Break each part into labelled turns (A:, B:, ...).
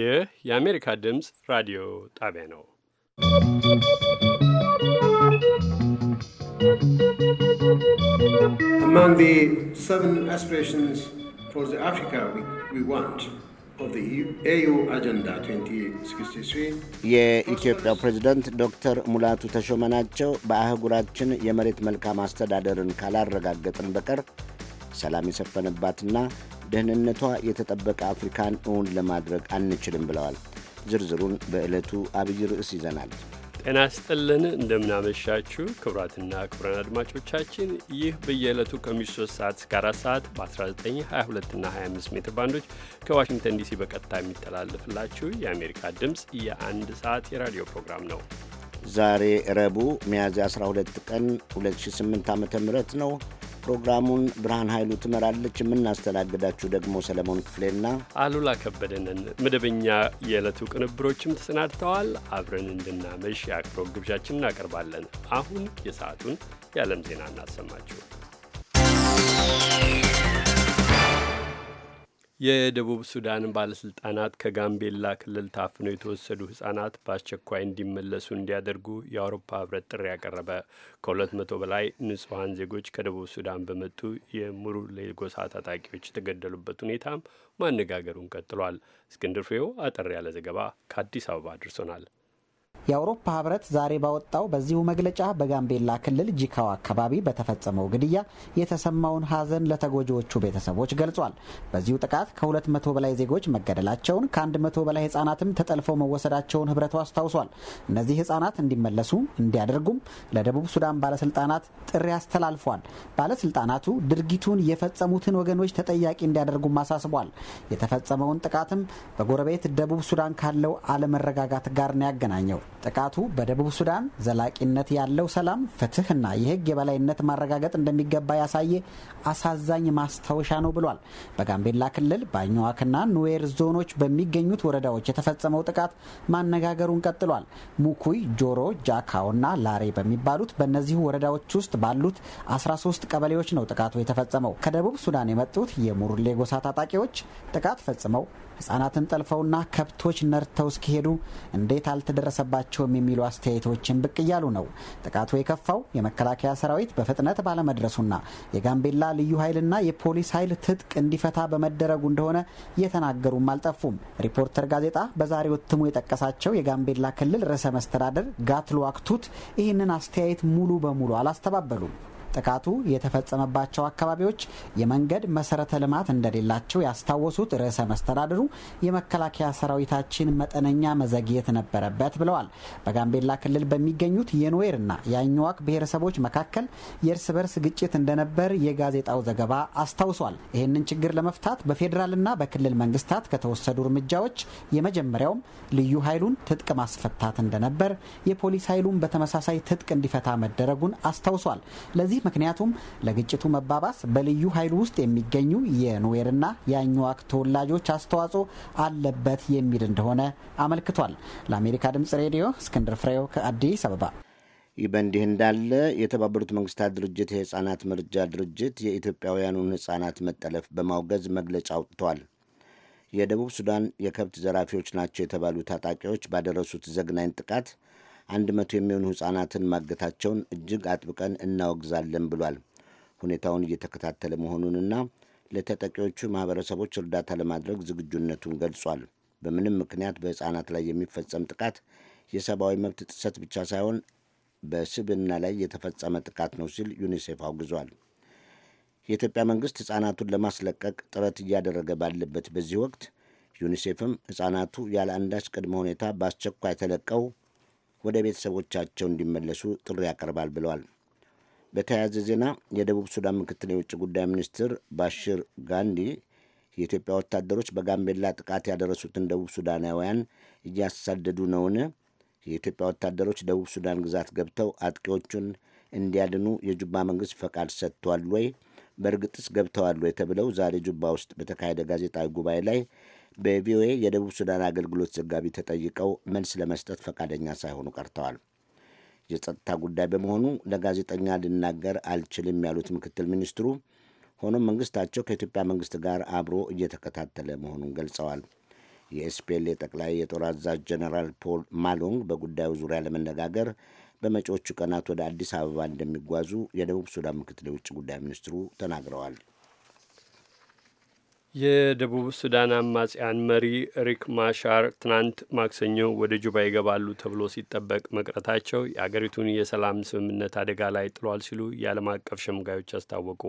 A: ይህ የአሜሪካ ድምፅ ራዲዮ ጣቢያ ነው።
B: Among the
C: seven aspirations for the Africa we, we want of the AU Agenda 2063
D: ፕሬዝደንት ዶክተር ሙላቱ ተሾመ ናቸው። በአህጉራችን የመሬት መልካም አስተዳደርን ካላረጋገጥን በቀር ሰላም የሰፈነባትና ደህንነቷ የተጠበቀ አፍሪካን እውን ለማድረግ አንችልም ብለዋል። ዝርዝሩን በዕለቱ አብይ ርዕስ ይዘናል።
A: ጤና ስጥልን፣ እንደምናመሻችሁ ክቡራትና ክቡራን አድማጮቻችን ይህ በየዕለቱ ከምሽቱ 3 ሰዓት እስከ 4 ሰዓት በ1922ና 25 ሜትር ባንዶች ከዋሽንግተን ዲሲ በቀጥታ የሚተላለፍላችሁ የአሜሪካ ድምፅ የአንድ ሰዓት የራዲዮ ፕሮግራም ነው።
D: ዛሬ ረቡዕ ሚያዝያ 12 ቀን 2008 ዓ ም ነው። ፕሮግራሙን ብርሃን ኃይሉ ትመራለች። የምናስተናግዳችሁ ደግሞ ሰለሞን ክፍሌና
A: አሉላ ከበደንን። መደበኛ የዕለቱ ቅንብሮችም ተሰናድተዋል። አብረን እንድናመሽ የአክብሮ ግብዣችን እናቀርባለን። አሁን የሰዓቱን የዓለም ዜና እናሰማችሁ። የደቡብ ሱዳን ባለስልጣናት ከጋምቤላ ክልል ታፍነው የተወሰዱ ህጻናት በአስቸኳይ እንዲመለሱ እንዲያደርጉ የአውሮፓ ህብረት ጥሪ ያቀረበ። ከሁለት መቶ በላይ ንጹሐን ዜጎች ከደቡብ ሱዳን በመጡ የሙሩ ጎሳ ታጣቂዎች የተገደሉበት ሁኔታም ማነጋገሩን ቀጥሏል። እስክንድር ፍሬው አጠር ያለ ዘገባ ከአዲስ አበባ አድርሶናል።
E: የአውሮፓ ህብረት ዛሬ ባወጣው በዚሁ መግለጫ በጋምቤላ ክልል ጂካዋ አካባቢ በተፈጸመው ግድያ የተሰማውን ሀዘን ለተጎጂዎቹ ቤተሰቦች ገልጿል። በዚሁ ጥቃት ከ200 በላይ ዜጎች መገደላቸውን፣ ከ100 በላይ ህጻናትም ተጠልፈው መወሰዳቸውን ህብረቱ አስታውሷል። እነዚህ ህጻናት እንዲመለሱ እንዲያደርጉም ለደቡብ ሱዳን ባለስልጣናት ጥሪ አስተላልፏል። ባለስልጣናቱ ድርጊቱን የፈጸሙትን ወገኖች ተጠያቂ እንዲያደርጉም አሳስቧል። የተፈጸመውን ጥቃትም በጎረቤት ደቡብ ሱዳን ካለው አለመረጋጋት ጋር ነው ያገናኘው። ጥቃቱ በደቡብ ሱዳን ዘላቂነት ያለው ሰላም፣ ፍትህና የህግ የበላይነት ማረጋገጥ እንደሚገባ ያሳየ አሳዛኝ ማስታወሻ ነው ብሏል። በጋምቤላ ክልል በአኝዋክና ኑዌር ዞኖች በሚገኙት ወረዳዎች የተፈጸመው ጥቃት ማነጋገሩን ቀጥሏል። ሙኩይ፣ ጆሮ፣ ጃካውና ላሬ በሚባሉት በእነዚሁ ወረዳዎች ውስጥ ባሉት 13 ቀበሌዎች ነው ጥቃቱ የተፈጸመው። ከደቡብ ሱዳን የመጡት የሙርሌ ጎሳ ታጣቂዎች ጥቃት ፈጽመው ህጻናትን ጠልፈውና ከብቶች ነርተው እስኪሄዱ እንዴት አልተደረሰባቸውም የሚሉ አስተያየቶችን ብቅ እያሉ ነው። ጥቃቱ የከፋው የመከላከያ ሰራዊት በፍጥነት ባለመድረሱና የጋምቤላ ልዩ ኃይልና የፖሊስ ኃይል ትጥቅ እንዲፈታ በመደረጉ እንደሆነ እየተናገሩም አልጠፉም። ሪፖርተር ጋዜጣ በዛሬው እትሙ የጠቀሳቸው የጋምቤላ ክልል ርዕሰ መስተዳደር ጋትሎ አክቱት ይህንን አስተያየት ሙሉ በሙሉ አላስተባበሉም። ጥቃቱ የተፈጸመባቸው አካባቢዎች የመንገድ መሰረተ ልማት እንደሌላቸው ያስታወሱት ርዕሰ መስተዳድሩ የመከላከያ ሰራዊታችን መጠነኛ መዘግየት ነበረበት ብለዋል። በጋምቤላ ክልል በሚገኙት የኑዌርና የአኝዋክ ብሔረሰቦች መካከል የእርስ በርስ ግጭት እንደነበር የጋዜጣው ዘገባ አስታውሷል። ይህንን ችግር ለመፍታት በፌዴራልና በክልል መንግስታት ከተወሰዱ እርምጃዎች የመጀመሪያውም ልዩ ኃይሉን ትጥቅ ማስፈታት እንደነበር፣ የፖሊስ ኃይሉን በተመሳሳይ ትጥቅ እንዲፈታ መደረጉን አስታውሷል። ለዚህ ምክንያቱም ለግጭቱ መባባስ በልዩ ኃይል ውስጥ የሚገኙ የኑዌርና የአኝዋክ ተወላጆች አስተዋጽኦ አለበት የሚል እንደሆነ አመልክቷል። ለአሜሪካ ድምጽ ሬዲዮ እስክንድር ፍሬው ከአዲስ አበባ። ይህ
D: በእንዲህ እንዳለ የተባበሩት መንግስታት ድርጅት የህፃናት መርጃ ድርጅት የኢትዮጵያውያኑን ህፃናት መጠለፍ በማውገዝ መግለጫ አውጥቷል። የደቡብ ሱዳን የከብት ዘራፊዎች ናቸው የተባሉ ታጣቂዎች ባደረሱት ዘግናኝ ጥቃት አንድ መቶ የሚሆኑ ሕፃናትን ማገታቸውን እጅግ አጥብቀን እናወግዛለን ብሏል። ሁኔታውን እየተከታተለ መሆኑንና ለተጠቂዎቹ ማኅበረሰቦች እርዳታ ለማድረግ ዝግጁነቱን ገልጿል። በምንም ምክንያት በሕፃናት ላይ የሚፈጸም ጥቃት የሰብአዊ መብት ጥሰት ብቻ ሳይሆን በስብና ላይ የተፈጸመ ጥቃት ነው ሲል ዩኒሴፍ አውግዟል። የኢትዮጵያ መንግሥት ሕፃናቱን ለማስለቀቅ ጥረት እያደረገ ባለበት በዚህ ወቅት ዩኒሴፍም ሕፃናቱ ያለ አንዳች ቅድመ ሁኔታ በአስቸኳይ ተለቀው ወደ ቤተሰቦቻቸው እንዲመለሱ ጥሪ ያቀርባል ብለዋል። በተያያዘ ዜና የደቡብ ሱዳን ምክትል የውጭ ጉዳይ ሚኒስትር ባሽር ጋንዲ የኢትዮጵያ ወታደሮች በጋምቤላ ጥቃት ያደረሱትን ደቡብ ሱዳናውያን እያሳደዱ ነውን? የኢትዮጵያ ወታደሮች ደቡብ ሱዳን ግዛት ገብተው አጥቂዎቹን እንዲያድኑ የጁባ መንግስት ፈቃድ ሰጥቷል ወይ? በእርግጥስ ገብተዋል ወይ? ተብለው ዛሬ ጁባ ውስጥ በተካሄደ ጋዜጣዊ ጉባኤ ላይ በቪኦኤ የደቡብ ሱዳን አገልግሎት ዘጋቢ ተጠይቀው መልስ ለመስጠት ፈቃደኛ ሳይሆኑ ቀርተዋል። የጸጥታ ጉዳይ በመሆኑ ለጋዜጠኛ ልናገር አልችልም ያሉት ምክትል ሚኒስትሩ፣ ሆኖም መንግስታቸው ከኢትዮጵያ መንግስት ጋር አብሮ እየተከታተለ መሆኑን ገልጸዋል። የኤስፒኤልኤ ጠቅላይ የጦር አዛዥ ጀነራል ፖል ማሎንግ በጉዳዩ ዙሪያ ለመነጋገር በመጪዎቹ ቀናት ወደ አዲስ አበባ እንደሚጓዙ የደቡብ ሱዳን ምክትል የውጭ ጉዳይ ሚኒስትሩ ተናግረዋል።
A: የደቡብ ሱዳን አማጽያን መሪ ሪክ ማሻር ትናንት ማክሰኞ ወደ ጁባ ይገባሉ ተብሎ ሲጠበቅ መቅረታቸው የአገሪቱን የሰላም ስምምነት አደጋ ላይ ጥሏል ሲሉ የዓለም አቀፍ ሸምጋዮች አስታወቁ።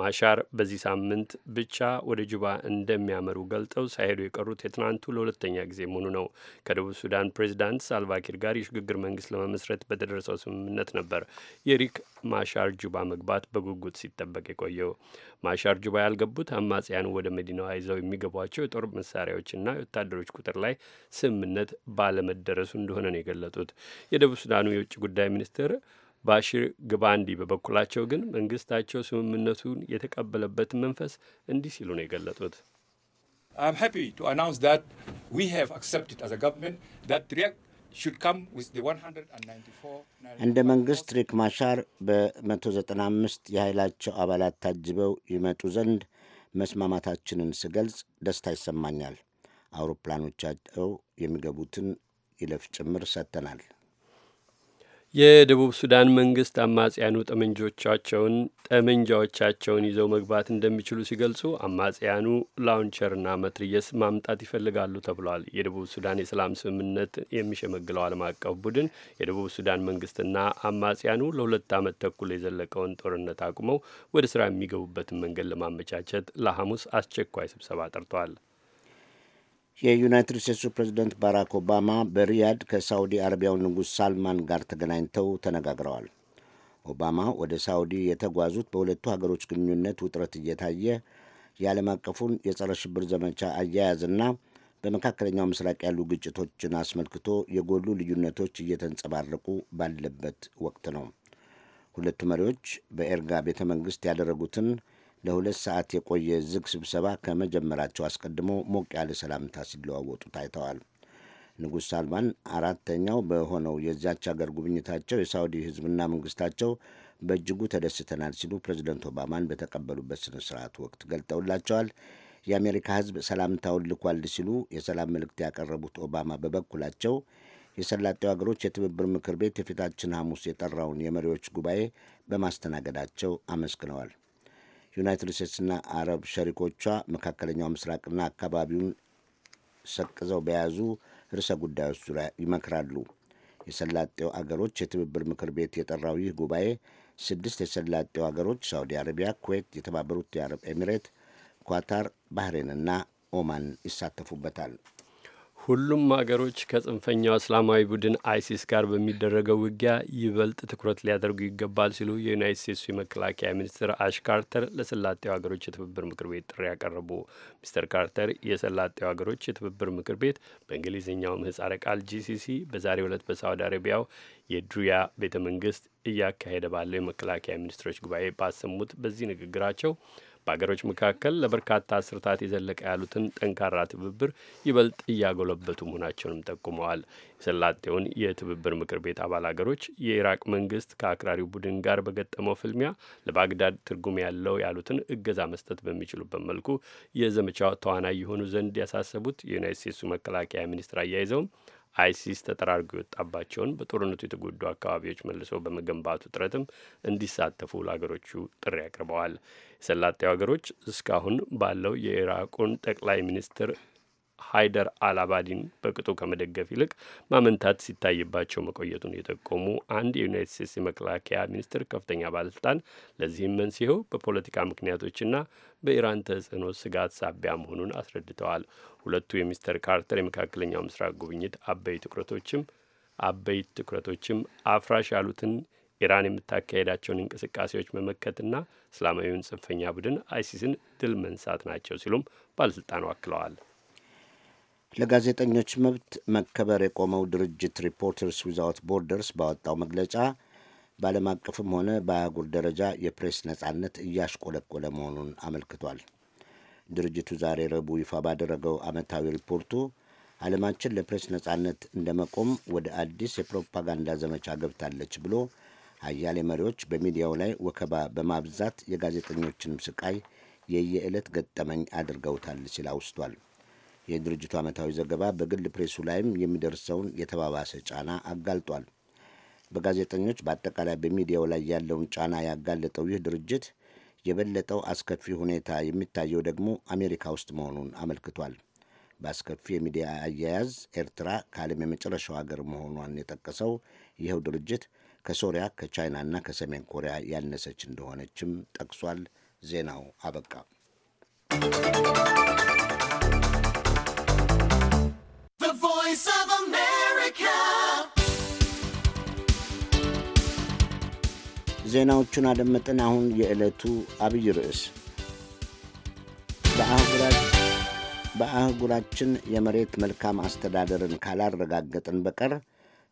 A: ማሻር በዚህ ሳምንት ብቻ ወደ ጁባ እንደሚያመሩ ገልጠው ሳይሄዱ የቀሩት የትናንቱ ለሁለተኛ ጊዜ መሆኑ ነው። ከደቡብ ሱዳን ፕሬዚዳንት ሳልቫኪር ጋር የሽግግር መንግስት ለመመስረት በተደረሰው ስምምነት ነበር የሪክ ማሻር ጁባ መግባት በጉጉት ሲጠበቅ የቆየው። ማሻር ጁባ ያልገቡት አማጽያን ወደ መዲናዋ ይዘው የሚገቧቸው የጦር መሳሪያዎችና የወታደሮች ቁጥር ላይ ስምምነት ባለመደረሱ እንደሆነ ነው የገለጡት። የደቡብ ሱዳኑ የውጭ ጉዳይ ሚኒስትር ባሺር ግባንዲ በበኩላቸው ግን መንግስታቸው ስምምነቱን የተቀበለበት መንፈስ እንዲህ ሲሉ ነው የገለጡት።
F: እንደ
D: መንግሥት ሪክ ማሻር በ195 የኃይላቸው አባላት ታጅበው ይመጡ ዘንድ መስማማታችንን ስገልጽ ደስታ ይሰማኛል። አውሮፕላኖቻቸው የሚገቡትን ይለፍ ጭምር ሰጥተናል።
A: የደቡብ ሱዳን መንግስት አማጽያኑ ጠመንጆቻቸውን ጠመንጃዎቻቸውን ይዘው መግባት እንደሚችሉ ሲገልጹ አማጽያኑ ላውንቸርና መትርየስ ማምጣት ይፈልጋሉ ተብሏል። የደቡብ ሱዳን የሰላም ስምምነት የሚሸመግለው ዓለም አቀፍ ቡድን የደቡብ ሱዳን መንግስትና አማጽያኑ ለሁለት ዓመት ተኩል የዘለቀውን ጦርነት አቁመው ወደ ስራ የሚገቡበትን መንገድ ለማመቻቸት ለሐሙስ አስቸኳይ ስብሰባ ጠርቷል።
D: የዩናይትድ ስቴትሱ ፕሬዚደንት ባራክ ኦባማ በሪያድ ከሳውዲ አረቢያው ንጉሥ ሳልማን ጋር ተገናኝተው ተነጋግረዋል። ኦባማ ወደ ሳውዲ የተጓዙት በሁለቱ ሀገሮች ግንኙነት ውጥረት እየታየ የዓለም አቀፉን የጸረ ሽብር ዘመቻ አያያዝና በመካከለኛው ምስራቅ ያሉ ግጭቶችን አስመልክቶ የጎሉ ልዩነቶች እየተንጸባረቁ ባለበት ወቅት ነው። ሁለቱ መሪዎች በኤርጋ ቤተ መንግሥት ያደረጉትን ለሁለት ሰዓት የቆየ ዝግ ስብሰባ ከመጀመራቸው አስቀድሞ ሞቅ ያለ ሰላምታ ሲለዋወጡ ታይተዋል። ንጉሥ ሳልማን አራተኛው በሆነው የዚያች አገር ጉብኝታቸው የሳውዲ ሕዝብና መንግስታቸው በእጅጉ ተደስተናል ሲሉ ፕሬዚደንት ኦባማን በተቀበሉበት ስነ ስርዓት ወቅት ገልጠውላቸዋል። የአሜሪካ ሕዝብ ሰላምታውን ልኳል ሲሉ የሰላም መልእክት ያቀረቡት ኦባማ በበኩላቸው የሰላጤው አገሮች የትብብር ምክር ቤት የፊታችን ሐሙስ የጠራውን የመሪዎች ጉባኤ በማስተናገዳቸው አመስግነዋል። ዩናይትድ ስቴትስና አረብ ሸሪኮቿ መካከለኛው ምስራቅና አካባቢውን ሰቅዘው በያዙ ርዕሰ ጉዳዮች ዙሪያ ይመክራሉ። የሰላጤው አገሮች የትብብር ምክር ቤት የጠራው ይህ ጉባኤ ስድስት የሰላጤው አገሮች ሳውዲ አረቢያ፣ ኩዌት፣ የተባበሩት የአረብ ኤሚሬት፣ ኳታር፣ ባህሬንና ኦማን ይሳተፉበታል።
A: ሁሉም አገሮች ከጽንፈኛው እስላማዊ ቡድን አይሲስ ጋር በሚደረገው ውጊያ ይበልጥ ትኩረት ሊያደርጉ ይገባል ሲሉ የዩናይት ስቴትሱ የመከላከያ ሚኒስትር አሽ ካርተር ለሰላጤው ሀገሮች የትብብር ምክር ቤት ጥሪ ያቀረቡ። ሚስተር ካርተር የሰላጤው ሀገሮች የትብብር ምክር ቤት በእንግሊዝኛው ምህጻረ ቃል ጂሲሲ በዛሬው ዕለት በሳውዲ አረቢያው የድሩያ ቤተ መንግስት እያካሄደ ባለው የመከላከያ ሚኒስትሮች ጉባኤ ባሰሙት በዚህ ንግግራቸው በሀገሮች መካከል ለበርካታ አስርታት የዘለቀ ያሉትን ጠንካራ ትብብር ይበልጥ እያጎለበቱ መሆናቸውንም ጠቁመዋል። የሰላጤውን የትብብር ምክር ቤት አባል አገሮች የኢራቅ መንግስት ከአክራሪው ቡድን ጋር በገጠመው ፍልሚያ ለባግዳድ ትርጉም ያለው ያሉትን እገዛ መስጠት በሚችሉበት መልኩ የዘመቻው ተዋናይ የሆኑ ዘንድ ያሳሰቡት የዩናይት ስቴትሱ መከላከያ ሚኒስትር አያይዘውም አይሲስ ተጠራርጎ የወጣባቸውን በጦርነቱ የተጎዱ አካባቢዎች መልሶ በመገንባቱ ጥረትም እንዲሳተፉ ለሀገሮቹ ጥሪ አቅርበዋል። የሰላጤው ሀገሮች እስካሁን ባለው የኢራቁን ጠቅላይ ሚኒስትር ሃይደር አልአባዲን በቅጡ ከመደገፍ ይልቅ ማመንታት ሲታይባቸው መቆየቱን የጠቆሙ አንድ የዩናይትድ ስቴትስ የመከላከያ ሚኒስትር ከፍተኛ ባለስልጣን ለዚህም መንስኤው በፖለቲካ ምክንያቶችና በኢራን ተጽዕኖ ስጋት ሳቢያ መሆኑን አስረድተዋል። ሁለቱ የሚስተር ካርተር የመካከለኛው ምስራቅ ጉብኝት አበይ ትኩረቶችም አበይት ትኩረቶችም አፍራሽ ያሉትን ኢራን የምታካሄዳቸውን እንቅስቃሴዎች መመከትና እስላማዊውን ጽንፈኛ ቡድን አይሲስን ድል መንሳት ናቸው ሲሉም ባለስልጣኑ አክለዋል።
D: ለጋዜጠኞች መብት መከበር የቆመው ድርጅት ሪፖርተርስ ዊዛውት ቦርደርስ ባወጣው መግለጫ በዓለም አቀፍም ሆነ በአህጉር ደረጃ የፕሬስ ነጻነት እያሽቆለቆለ መሆኑን አመልክቷል። ድርጅቱ ዛሬ ረቡዕ ይፋ ባደረገው ዓመታዊ ሪፖርቱ ዓለማችን ለፕሬስ ነጻነት እንደመቆም ወደ አዲስ የፕሮፓጋንዳ ዘመቻ ገብታለች ብሎ አያሌ መሪዎች በሚዲያው ላይ ወከባ በማብዛት የጋዜጠኞችንም ስቃይ የየዕለት ገጠመኝ አድርገውታል ሲል አውስቷል። የድርጅቱ ዓመታዊ ዘገባ በግል ፕሬሱ ላይም የሚደርሰውን የተባባሰ ጫና አጋልጧል። በጋዜጠኞች በአጠቃላይ በሚዲያው ላይ ያለውን ጫና ያጋለጠው ይህ ድርጅት የበለጠው አስከፊ ሁኔታ የሚታየው ደግሞ አሜሪካ ውስጥ መሆኑን አመልክቷል። በአስከፊ የሚዲያ አያያዝ ኤርትራ ከዓለም የመጨረሻው ሀገር መሆኗን የጠቀሰው ይኸው ድርጅት ከሶሪያ ከቻይናና ከሰሜን ኮሪያ ያነሰች እንደሆነችም ጠቅሷል። ዜናው አበቃ። ዜናዎቹን አደመጥን። አሁን የዕለቱ አብይ ርዕስ በአህጉራችን የመሬት መልካም አስተዳደርን ካላረጋገጥን በቀር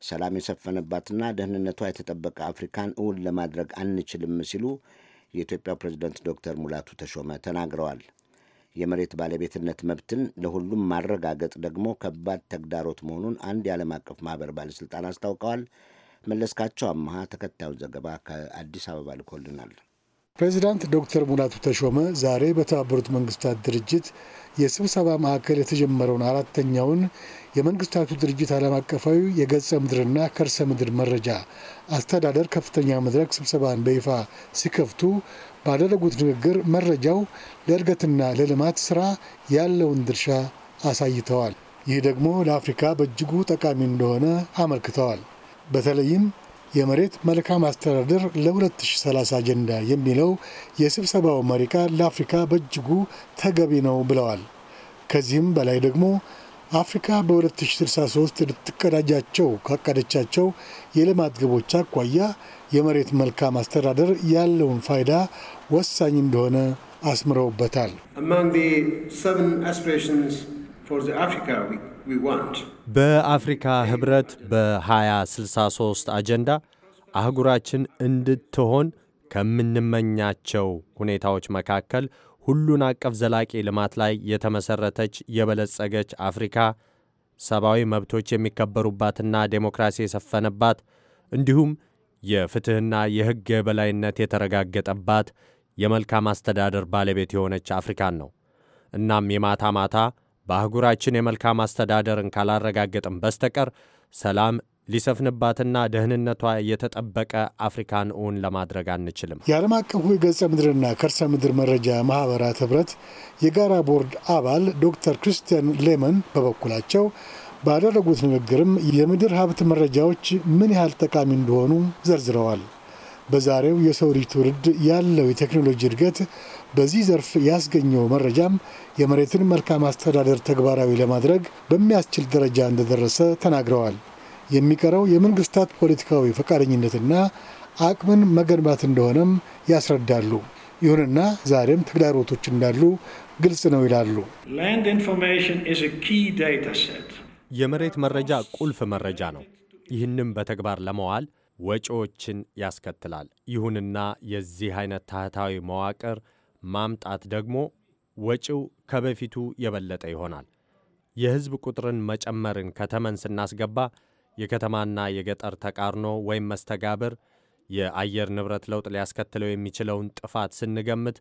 D: ሰላም የሰፈነባትና ደህንነቷ የተጠበቀ አፍሪካን እውን ለማድረግ አንችልም ሲሉ የኢትዮጵያ ፕሬዝደንት ዶክተር ሙላቱ ተሾመ ተናግረዋል። የመሬት ባለቤትነት መብትን ለሁሉም ማረጋገጥ ደግሞ ከባድ ተግዳሮት መሆኑን አንድ የዓለም አቀፍ ማኅበር ባለሥልጣን አስታውቀዋል። መለስካቸው አመሃ ተከታዩን ዘገባ ከአዲስ አበባ ልኮልናል።
C: ፕሬዚዳንት ዶክተር ሙላቱ ተሾመ ዛሬ በተባበሩት መንግስታት ድርጅት የስብሰባ ማዕከል የተጀመረውን አራተኛውን የመንግስታቱ ድርጅት ዓለም አቀፋዊ የገጸ ምድርና ከርሰ ምድር መረጃ አስተዳደር ከፍተኛ መድረክ ስብሰባን በይፋ ሲከፍቱ ባደረጉት ንግግር መረጃው ለእድገትና ለልማት ስራ ያለውን ድርሻ አሳይተዋል። ይህ ደግሞ ለአፍሪካ በእጅጉ ጠቃሚ እንደሆነ አመልክተዋል። በተለይም የመሬት መልካም አስተዳደር ለ2030 አጀንዳ የሚለው የስብሰባው መሪ ቃል ለአፍሪካ በእጅጉ ተገቢ ነው ብለዋል። ከዚህም በላይ ደግሞ አፍሪካ በ2063 ልትቀዳጃቸው ካቀደቻቸው የልማት ግቦች አኳያ የመሬት መልካም አስተዳደር ያለውን ፋይዳ ወሳኝ እንደሆነ አስምረውበታል።
G: በአፍሪካ ህብረት በ2063 አጀንዳ አህጉራችን እንድትሆን ከምንመኛቸው ሁኔታዎች መካከል ሁሉን አቀፍ ዘላቂ ልማት ላይ የተመሰረተች የበለጸገች አፍሪካ ሰብአዊ መብቶች የሚከበሩባትና ዴሞክራሲ የሰፈነባት እንዲሁም የፍትሕና የሕግ የበላይነት የተረጋገጠባት የመልካም አስተዳደር ባለቤት የሆነች አፍሪካን ነው። እናም የማታ ማታ በአህጉራችን የመልካም አስተዳደርን ካላረጋገጥም በስተቀር ሰላም ሊሰፍንባትና ደህንነቷ የተጠበቀ አፍሪካን እውን ለማድረግ አንችልም።
C: የዓለም አቀፉ የገጸ ምድርና ከርሰ ምድር መረጃ ማህበራት ህብረት የጋራ ቦርድ አባል ዶክተር ክርስቲያን ሌመን በበኩላቸው ባደረጉት ንግግርም የምድር ሀብት መረጃዎች ምን ያህል ጠቃሚ እንደሆኑ ዘርዝረዋል። በዛሬው የሰው ልጅ ትውልድ ያለው የቴክኖሎጂ እድገት በዚህ ዘርፍ ያስገኘው መረጃም የመሬትን መልካም አስተዳደር ተግባራዊ ለማድረግ በሚያስችል ደረጃ እንደደረሰ ተናግረዋል። የሚቀረው የመንግስታት ፖለቲካዊ ፈቃደኝነትና አቅምን መገንባት እንደሆነም ያስረዳሉ። ይሁንና ዛሬም ተግዳሮቶች እንዳሉ ግልጽ ነው ይላሉ።
G: የመሬት መረጃ ቁልፍ መረጃ ነው። ይህንም በተግባር ለመዋል ወጪዎችን ያስከትላል። ይሁንና የዚህ አይነት ታህታዊ መዋቅር ማምጣት ደግሞ ወጪው ከበፊቱ የበለጠ ይሆናል። የሕዝብ ቁጥርን መጨመርን ከተመን ስናስገባ የከተማና የገጠር ተቃርኖ ወይም መስተጋብር፣ የአየር ንብረት ለውጥ ሊያስከትለው የሚችለውን ጥፋት ስንገምት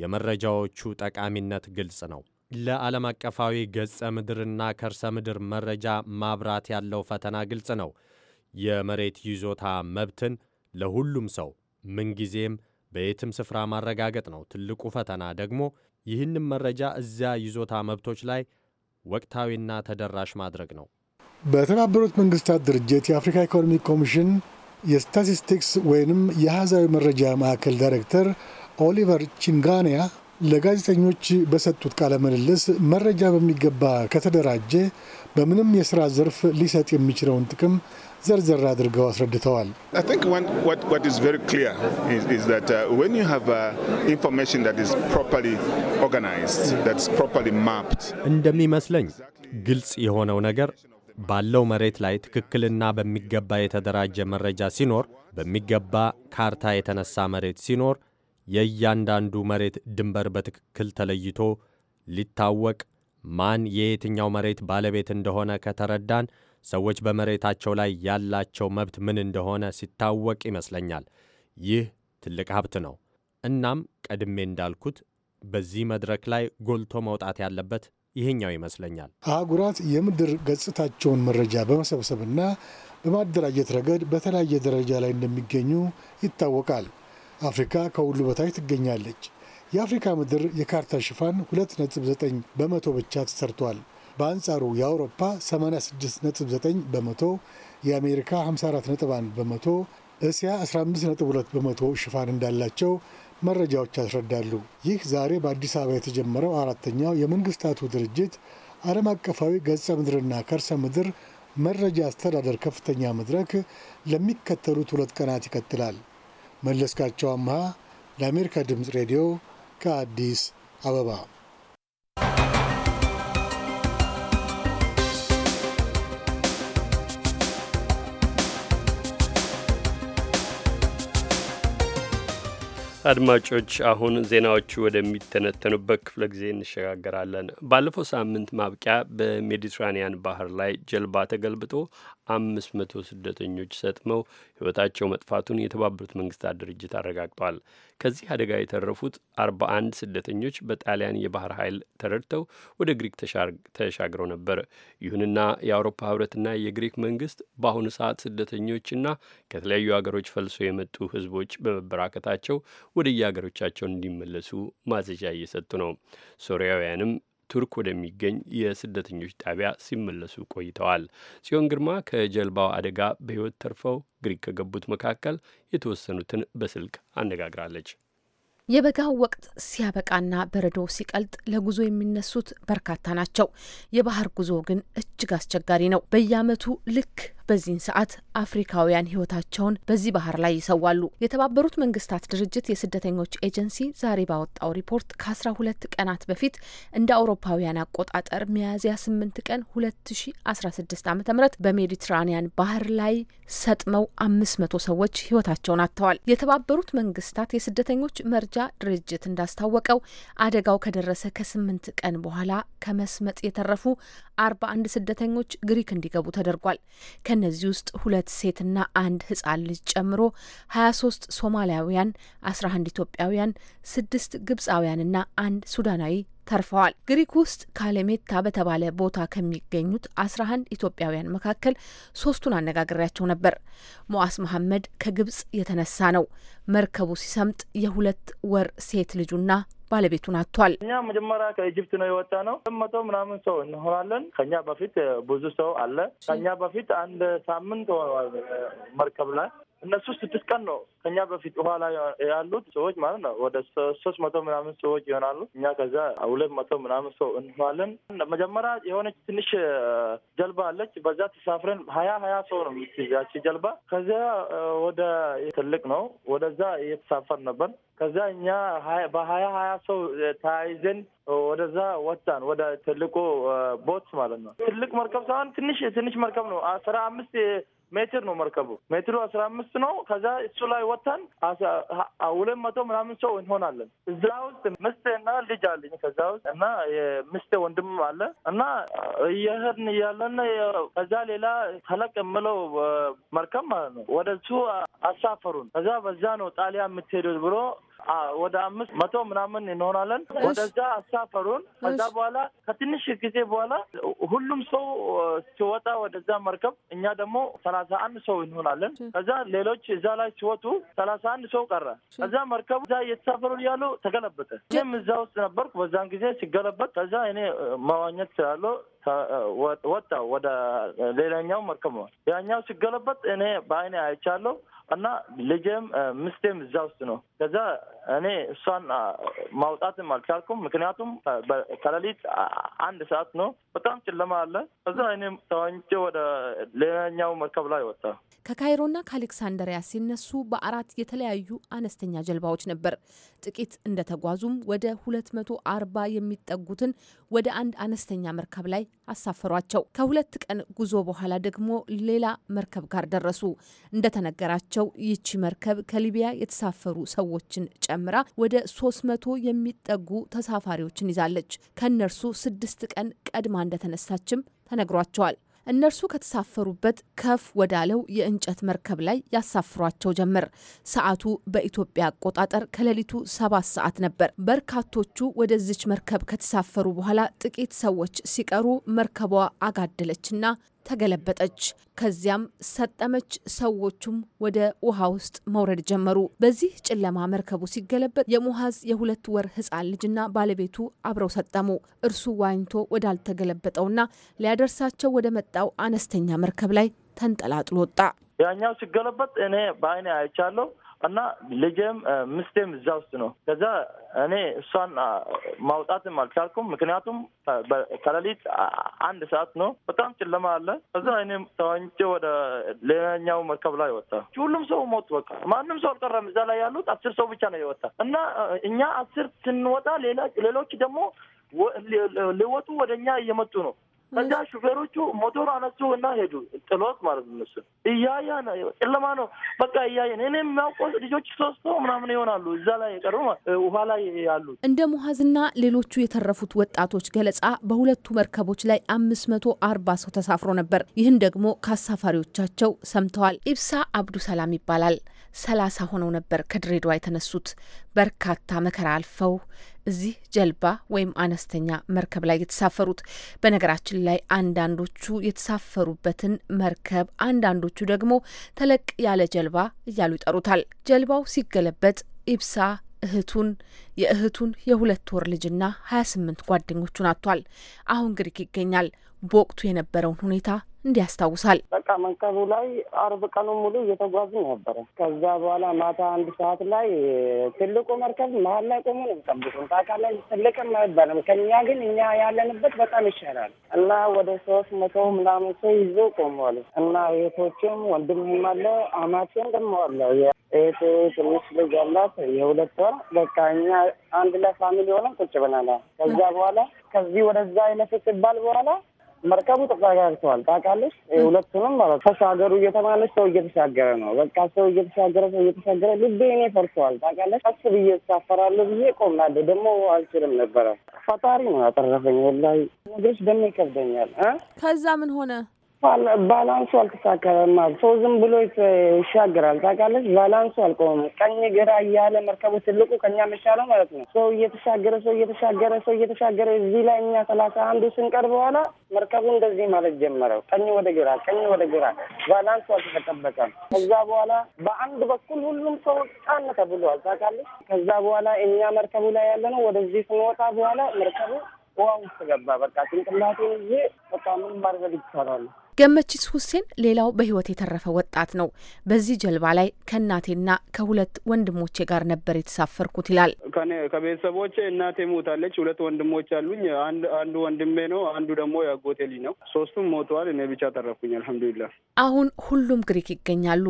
G: የመረጃዎቹ ጠቃሚነት ግልጽ ነው። ለዓለም አቀፋዊ ገጸ ምድርና ከርሰ ምድር መረጃ ማብራት ያለው ፈተና ግልጽ ነው። የመሬት ይዞታ መብትን ለሁሉም ሰው ምንጊዜም በየትም ስፍራ ማረጋገጥ ነው። ትልቁ ፈተና ደግሞ ይህንም መረጃ እዚያ ይዞታ መብቶች ላይ ወቅታዊና ተደራሽ ማድረግ ነው።
C: በተባበሩት መንግስታት ድርጅት የአፍሪካ ኢኮኖሚክ ኮሚሽን የስታቲስቲክስ ወይንም የሀዛዊ መረጃ ማዕከል ዳይሬክተር ኦሊቨር ቺንጋንያ ለጋዜጠኞች በሰጡት ቃለ ምልልስ መረጃ በሚገባ ከተደራጀ በምንም የሥራ ዘርፍ ሊሰጥ የሚችለውን ጥቅም ዘርዘር አድርገው አስረድተዋል።
G: እንደሚመስለኝ ግልጽ የሆነው ነገር ባለው መሬት ላይ ትክክልና በሚገባ የተደራጀ መረጃ ሲኖር፣ በሚገባ ካርታ የተነሳ መሬት ሲኖር፣ የእያንዳንዱ መሬት ድንበር በትክክል ተለይቶ ሊታወቅ ማን የየትኛው መሬት ባለቤት እንደሆነ ከተረዳን ሰዎች በመሬታቸው ላይ ያላቸው መብት ምን እንደሆነ ሲታወቅ ይመስለኛል። ይህ ትልቅ ሀብት ነው። እናም ቀድሜ እንዳልኩት በዚህ መድረክ ላይ ጎልቶ መውጣት ያለበት ይህኛው ይመስለኛል።
C: አህጉራት የምድር ገጽታቸውን መረጃ በመሰብሰብና በማደራጀት ረገድ በተለያየ ደረጃ ላይ እንደሚገኙ ይታወቃል። አፍሪካ ከሁሉ በታች ትገኛለች። የአፍሪካ ምድር የካርታ ሽፋን 2.9 በመቶ ብቻ ተሰርቷል። በአንጻሩ የአውሮፓ 86.9 በመቶ፣ የአሜሪካ 54.1 በመቶ፣ እስያ 15.2 በመቶ ሽፋን እንዳላቸው መረጃዎች ያስረዳሉ። ይህ ዛሬ በአዲስ አበባ የተጀመረው አራተኛው የመንግስታቱ ድርጅት ዓለም አቀፋዊ ገጸ ምድርና ከርሰ ምድር መረጃ አስተዳደር ከፍተኛ መድረክ ለሚከተሉት ሁለት ቀናት ይቀጥላል። መለስካቸው አምሃ ለአሜሪካ ድምፅ ሬዲዮ ከአዲስ አበባ
A: አድማጮች አሁን ዜናዎቹ ወደሚተነተኑበት ክፍለ ጊዜ እንሸጋገራለን። ባለፈው ሳምንት ማብቂያ በሜዲትራኒያን ባህር ላይ ጀልባ ተገልብጦ አምስት መቶ ስደተኞች ሰጥመው ሕይወታቸው መጥፋቱን የተባበሩት መንግስታት ድርጅት አረጋግጧል። ከዚህ አደጋ የተረፉት አርባ አንድ ስደተኞች በጣሊያን የባህር ኃይል ተረድተው ወደ ግሪክ ተሻግረው ነበር። ይሁንና የአውሮፓ ህብረትና የግሪክ መንግስት በአሁኑ ሰዓት ስደተኞችና ከተለያዩ ሀገሮች ፈልሶ የመጡ ህዝቦች በመበራከታቸው ወደ የሀገሮቻቸውን እንዲመለሱ ማዘዣ እየሰጡ ነው። ሶሪያውያንም ቱርክ ወደሚገኝ የስደተኞች ጣቢያ ሲመለሱ ቆይተዋል። ጽዮን ግርማ ከጀልባው አደጋ በሕይወት ተርፈው ግሪክ ከገቡት መካከል የተወሰኑትን በስልክ አነጋግራለች።
H: የበጋው ወቅት ሲያበቃና በረዶ ሲቀልጥ ለጉዞ የሚነሱት በርካታ ናቸው። የባህር ጉዞ ግን እጅግ አስቸጋሪ ነው። በየዓመቱ ልክ በዚህን ሰዓት አፍሪካውያን ህይወታቸውን በዚህ ባህር ላይ ይሰዋሉ። የተባበሩት መንግስታት ድርጅት የስደተኞች ኤጀንሲ ዛሬ ባወጣው ሪፖርት ከአስራ ሁለት ቀናት በፊት እንደ አውሮፓውያን አቆጣጠር ሚያዝያ ስምንት ቀን ሁለት ሺ አስራ ስድስት በሜዲትራኒያን ባህር ላይ ሰጥመው አምስት መቶ ሰዎች ህይወታቸውን አጥተዋል። የተባበሩት መንግስታት የስደተኞች መርጃ ድርጅት እንዳስታወቀው አደጋው ከደረሰ ከስምንት ቀን በኋላ ከመስመጥ የተረፉ አርባ አንድ ስደተኞች ግሪክ እንዲገቡ ተደርጓል። ከእነዚህ ውስጥ ሁለት ሴትና አንድ ህጻን ልጅ ጨምሮ ሀያ ሶስት ሶማሊያውያን፣ አስራ አንድ ኢትዮጵያውያን፣ ስድስት ግብጻውያንና አንድ ሱዳናዊ ተርፈዋል። ግሪክ ውስጥ ካሌሜታ በተባለ ቦታ ከሚገኙት አስራ አንድ ኢትዮጵያውያን መካከል ሶስቱን አነጋግሬያቸው ነበር። ሞአስ መሐመድ ከግብጽ የተነሳ ነው። መርከቡ ሲሰምጥ የሁለት ወር ሴት ልጁና ባለቤቱን አጥቷል። እኛ
I: መጀመሪያ ከኢጅፕት ነው የወጣ ነው። መቶ ምናምን ሰው እንሆናለን። ከኛ በፊት ብዙ ሰው አለ። ከኛ በፊት አንድ ሳምንት ሆነዋል መርከብ ላይ እነሱ ስድስት ቀን ነው ከኛ በፊት በኋላ ያሉት ሰዎች ማለት ነው። ወደ ሶስት መቶ ምናምን ሰዎች ይሆናሉ። እኛ ከዛ ሁለት መቶ ምናምን ሰው እንሆናለን። መጀመሪያ የሆነች ትንሽ ጀልባ አለች። በዛ ተሳፍረን ሀያ ሀያ ሰው ነው ያቺ ጀልባ። ከዚያ ወደ ትልቅ ነው ወደዛ እየተሳፈር ነበር። ከዚያ እኛ በሀያ ሀያ ሰው ተያይዘን ወደዛ ወጣን። ወደ ትልቁ ቦት ማለት ነው። ትልቅ መርከብ ሳይሆን ትንሽ ትንሽ መርከብ ነው። አስራ አምስት ሜትር ነው መርከቡ ሜትሩ አስራ አምስት ነው። ከዛ እሱ ላይ ወጥተን ሁለት መቶ ምናምን ሰው እንሆናለን። እዛ ውስጥ ምስት እና ልጅ አለኝ ከዛ ውስጥ እና የምስት ወንድም አለ እና እየህን እያለን ከዛ ሌላ ተለቅ የምለው መርከብ ማለት ነው ወደ አሳፈሩን። ከዛ በዛ ነው ጣሊያን የምትሄዱት ብሎ ወደ አምስት መቶ ምናምን እንሆናለን። ወደዛ አሳፈሩን። ከዛ በኋላ ከትንሽ ጊዜ በኋላ ሁሉም ሰው ሲወጣ ወደዛ መርከብ፣ እኛ ደግሞ ሰላሳ አንድ ሰው እንሆናለን። ከዛ ሌሎች እዛ ላይ ሲወጡ ሰላሳ አንድ ሰው ቀረ። ከዛ መርከቡ እዛ እየተሳፈሩ እያሉ ተገለበጠ። እኔም እዛ ውስጥ ነበርኩ በዛን ጊዜ ሲገለበጥ። ከዛ እኔ መዋኘት ስላለው ወጣው ወደ ሌላኛው መርከብ ነው። ያኛው ሲገለበት እኔ በአይኔ አይቻለሁ እና ልጄም ምስቴም እዛ ውስጥ ነው ከዛ እኔ እሷን ማውጣትም አልቻልኩም። ምክንያቱም ከሌሊት አንድ ሰዓት ነው፣ በጣም ጨለማ አለ። እዛ እኔም ተዋኝቼ ወደ ሌላኛው መርከብ ላይ ወጣ።
H: ከካይሮና ከአሌክሳንደሪያ ሲነሱ በአራት የተለያዩ አነስተኛ ጀልባዎች ነበር። ጥቂት እንደተጓዙም ወደ ሁለት መቶ አርባ የሚጠጉትን ወደ አንድ አነስተኛ መርከብ ላይ አሳፈሯቸው። ከሁለት ቀን ጉዞ በኋላ ደግሞ ሌላ መርከብ ጋር ደረሱ። እንደተነገራቸው ይቺ መርከብ ከሊቢያ የተሳፈሩ ሰዎችን ጨምራ ወደ 300 የሚጠጉ ተሳፋሪዎችን ይዛለች። ከእነርሱ ስድስት ቀን ቀድማ እንደተነሳችም ተነግሯቸዋል። እነርሱ ከተሳፈሩበት ከፍ ወዳለው የእንጨት መርከብ ላይ ያሳፍሯቸው ጀመር። ሰዓቱ በኢትዮጵያ አቆጣጠር ከሌሊቱ ሰባት ሰዓት ነበር። በርካቶቹ ወደዚች መርከብ ከተሳፈሩ በኋላ ጥቂት ሰዎች ሲቀሩ መርከቧ አጋደለችና ተገለበጠች። ከዚያም ሰጠመች። ሰዎቹም ወደ ውሃ ውስጥ መውረድ ጀመሩ። በዚህ ጨለማ መርከቡ ሲገለበጥ የሙሐዝ የሁለት ወር ህፃን ልጅና ባለቤቱ አብረው ሰጠሙ። እርሱ ዋኝቶ ወዳልተገለበጠውና ሊያደርሳቸው ወደ መጣው አነስተኛ መርከብ ላይ ተንጠላጥሎ ወጣ።
I: ያኛው ሲገለበጥ እኔ በአይኔ አይቻለሁ። እና ልጄም ምስቴም እዛ ውስጥ ነው። ከዛ እኔ እሷን ማውጣትም አልቻልኩም። ምክንያቱም ከሌሊት አንድ ሰዓት ነው፣ በጣም ጨለማ አለ። ከዛ እኔም ተዋኝቼ ወደ ሌላኛው መርከብ ላይ ወጣ። ሁሉም ሰው ሞት፣ በቃ ማንም ሰው አልቀረም። እዛ ላይ ያሉት አስር ሰው ብቻ ነው የወጣ እና እኛ አስር ስንወጣ ሌሎች ደግሞ ሊወጡ ወደ እኛ እየመጡ ነው እና ሹፌሮቹ ሞቶር አነሱ እና ሄዱ ጥሎት ማለት ነው። እነሱ እያያ ጨለማ ነው በቃ እያየ እኔ የሚያውቀው ልጆች ሶስቶ ምናምን ይሆናሉ እዛ ላይ የቀሩ ውሃ ላይ ያሉ።
H: እንደ ሙሀዝና ሌሎቹ የተረፉት ወጣቶች ገለጻ በሁለቱ መርከቦች ላይ አምስት መቶ አርባ ሰው ተሳፍሮ ነበር። ይህን ደግሞ ከአሳፋሪዎቻቸው ሰምተዋል። ኢብሳ አብዱ ሰላም ይባላል። ሰላሳ ሆነው ነበር ከድሬዳዋ የተነሱት በርካታ መከራ አልፈው እዚህ ጀልባ ወይም አነስተኛ መርከብ ላይ የተሳፈሩት። በነገራችን ላይ አንዳንዶቹ የተሳፈሩበትን መርከብ፣ አንዳንዶቹ ደግሞ ተለቅ ያለ ጀልባ እያሉ ይጠሩታል። ጀልባው ሲገለበጥ ኢብሳ እህቱን የእህቱን የሁለት ወር ልጅና 28 ጓደኞቹን አጥቷል። አሁን ግሪክ ይገኛል። በወቅቱ የነበረውን ሁኔታ እንዲህ ያስታውሳል።
J: በቃ መንከቡ ላይ አርብ ቀኑ ሙሉ እየተጓዙ ነበረ። ከዛ በኋላ ማታ አንድ ሰዓት ላይ ትልቁ መርከብ መሀል ላይ ቆሞ ነው የሚጠብቁን። ላይ ትልቅም አይባልም ከኛ ግን እኛ ያለንበት በጣም ይሻላል እና ወደ ሶስት መቶ ምናምን ሰው ይዞ ቆመዋል እና እህቶችም ወንድምም አለ አማቼም ደሞ አለ። እህቴ ትንሽ ልጅ አላት የሁለት ወር። በቃ እኛ አንድ ላይ ፋሚሊ ሆነን ቁጭ ብለናል። ከዛ በኋላ ከዚህ ወደዛ አይነት ሲባል በኋላ መርከቡ ተዘጋግተዋል። ታውቃለች ሁለቱንም ማለት ተሻገሩ እየተባለች ሰው እየተሻገረ ነው። በቃ ሰው እየተሻገረ ሰው እየተሻገረ ልቤ እኔ ፈርሰዋል። ታውቃለች ቀስ ብዬ ተሳፈራለሁ ብዬ ቆምላለሁ። ደግሞ አልችልም ነበረ። ፈጣሪ ነው ያጠረፈኝ። ወላሂ ነገሮች ደሞ ይከብደኛል።
H: ከዛ ምን ሆነ?
J: ባላንሱ አልተሳካም። ሰው ዝም ብሎ ይሻገራል ታውቃለች። ባላንሱ አልቆመም። ቀኝ ግራ እያለ መርከቡ ትልቁ ከኛ መሻለው ማለት ነው። ሰው እየተሻገረ ሰው እየተሻገረ ሰው እየተሻገረ እዚህ ላይ እኛ ሰላሳ አንዱ ስንቀር በኋላ መርከቡ እንደዚህ ማለት ጀመረው። ቀኝ ወደ ግራ፣ ቀኝ ወደ ግራ። ባላንሱ አልተጠበቀም። ከዛ በኋላ በአንድ በኩል ሁሉም ሰው ጫን ተብሏል ታውቃለች። ከዛ በኋላ እኛ መርከቡ ላይ ያለ ነው። ወደዚህ ስንወጣ በኋላ መርከቡ ውሃ ውስጥ ገባ። በቃ ጭንቅላቴን ይዤ በቃ ምን ማድረግ ይቻላል?
H: ገመች ሁሴን ሌላው በህይወት የተረፈ ወጣት ነው። በዚህ ጀልባ ላይ ከእናቴና ከሁለት ወንድሞቼ ጋር ነበር የተሳፈርኩት ይላል።
I: ከቤተሰቦቼ እናቴ ሞታለች። ሁለት ወንድሞች አሉኝ። አንዱ ወንድሜ ነው፣ አንዱ ደግሞ የአጎቴ ልጅ ነው። ሶስቱም ሞተዋል። እኔ ብቻ ተረፍኩኝ።
K: አልሐምዱሊላ።
H: አሁን ሁሉም ግሪክ ይገኛሉ።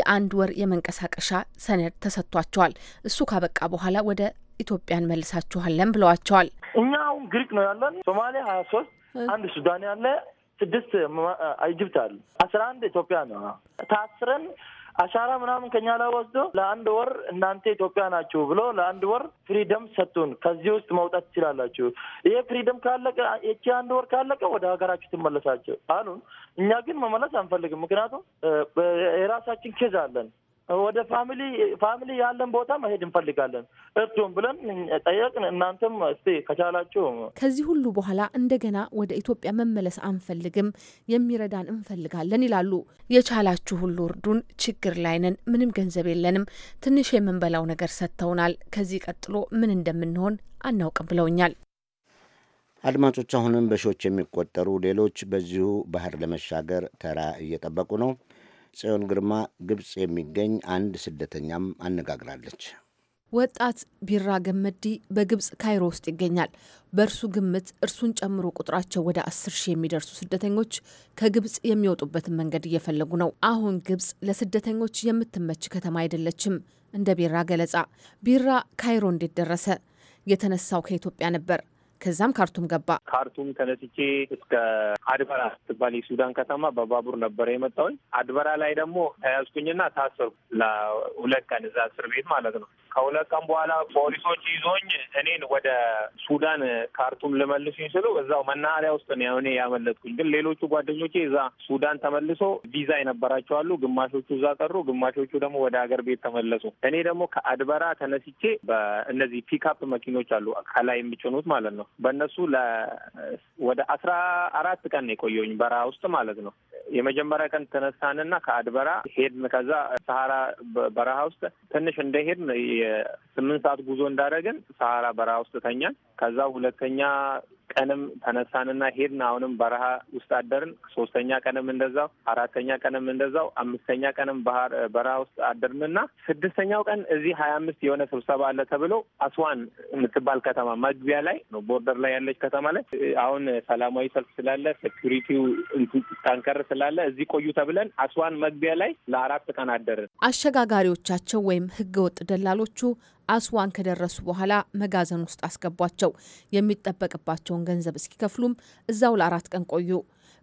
H: የአንድ ወር የመንቀሳቀሻ ሰነድ ተሰጥቷቸዋል። እሱ ካበቃ በኋላ ወደ ኢትዮጵያን መልሳችኋለን ብለዋቸዋል።
I: እኛ አሁን ግሪክ ነው ያለን። ሶማሌ ሀያ ሶስት አንድ ሱዳን ያለ ስድስት ኢጅፕት አሉ። አስራ አንድ ኢትዮጵያ ነው። ታስረን አሻራ ምናምን ከኛ ላይ ወስዶ ለአንድ ወር እናንተ ኢትዮጵያ ናችሁ ብሎ ለአንድ ወር ፍሪደም ሰጡን። ከዚህ ውስጥ መውጣት ትችላላችሁ። ይሄ ፍሪደም ካለቀ ይቺ አንድ ወር ካለቀ ወደ ሀገራችሁ ትመለሳችሁ አሉን። እኛ ግን መመለስ አንፈልግም። ምክንያቱም የራሳችን ኬዝ አለን። ወደ ፋሚሊ ፋሚሊ ያለን ቦታ መሄድ እንፈልጋለን እርዱን ብለን ጠየቅን። እናንተም እስቲ ከቻላችሁ።
H: ከዚህ ሁሉ በኋላ እንደገና ወደ ኢትዮጵያ መመለስ አንፈልግም፣ የሚረዳን እንፈልጋለን ይላሉ። የቻላችሁ ሁሉ እርዱን፣ ችግር ላይ ነን፣ ምንም ገንዘብ የለንም፣ ትንሽ የምንበላው ነገር ሰጥተውናል። ከዚህ ቀጥሎ ምን እንደምንሆን አናውቅም ብለውኛል።
D: አድማጮች፣ አሁንም በሺዎች የሚቆጠሩ ሌሎች በዚሁ ባህር ለመሻገር ተራ እየጠበቁ ነው። ጽዮን ግርማ ግብፅ የሚገኝ አንድ ስደተኛም አነጋግራለች።
H: ወጣት ቢራ ገመዲ በግብፅ ካይሮ ውስጥ ይገኛል። በእርሱ ግምት እርሱን ጨምሮ ቁጥራቸው ወደ አስር ሺህ የሚደርሱ ስደተኞች ከግብፅ የሚወጡበትን መንገድ እየፈለጉ ነው። አሁን ግብፅ ለስደተኞች የምትመች ከተማ አይደለችም። እንደ ቢራ ገለጻ ቢራ ካይሮ እንዴት ደረሰ? የተነሳው ከኢትዮጵያ ነበር። ከዛም ካርቱም ገባ።
L: ካርቱም ተነስቼ እስከ አድበራ ስትባል የሱዳን ከተማ በባቡር ነበረ የመጣውኝ። አድበራ ላይ ደግሞ ተያዝኩኝና ታሰርኩ ለሁለት ቀን እዛ እስር ቤት ማለት ነው። ከሁለት ቀን በኋላ ፖሊሶች ይዞኝ እኔን ወደ ሱዳን ካርቱም ልመልሱኝ ስሉ እዛው መናኸሪያ ውስጥ ነው እኔ ያመለጥኩኝ። ግን ሌሎቹ ጓደኞቼ እዛ ሱዳን ተመልሶ ቪዛ የነበራቸው አሉ። ግማሾቹ እዛ ቀሩ፣ ግማሾቹ ደግሞ ወደ ሀገር ቤት ተመለሱ። እኔ ደግሞ ከአድበራ ተነስቼ በእነዚህ ፒክአፕ መኪኖች አሉ ከላይ የሚጭኑት ማለት ነው። በእነሱ ወደ አስራ አራት ቀን ነው የቆየሁኝ በረሃ ውስጥ ማለት ነው። የመጀመሪያ ቀን ተነሳንና ከአድበራ ሄድን። ከዛ ሰሀራ በረሃ ውስጥ ትንሽ እንደሄድን የስምንት ሰዓት ጉዞ እንዳደረግን ሰሀራ በረሃ ውስጥ ተኛን። ከዛ ሁለተኛ ቀንም ተነሳንና ሄድን። አሁንም በረሃ ውስጥ አደርን። ሶስተኛ ቀንም እንደዛው፣ አራተኛ ቀንም እንደዛው፣ አምስተኛ ቀንም በረሃ ውስጥ አደርንና ስድስተኛው ቀን እዚህ ሀያ አምስት የሆነ ስብሰባ አለ ተብሎ አስዋን የምትባል ከተማ መግቢያ ላይ ነው፣ ቦርደር ላይ ያለች ከተማ ላይ አሁን ሰላማዊ ሰልፍ ስላለ ሴኩሪቲው ጠንከር ስላለ እዚህ ቆዩ ተብለን አስዋን መግቢያ ላይ ለአራት ቀን አደርን።
H: አሸጋጋሪዎቻቸው ወይም ህገወጥ ደላሎቹ አስዋን ከደረሱ በኋላ መጋዘን ውስጥ አስገቧቸው። የሚጠበቅባቸውን ገንዘብ እስኪከፍሉም እዛው ለአራት ቀን ቆዩ።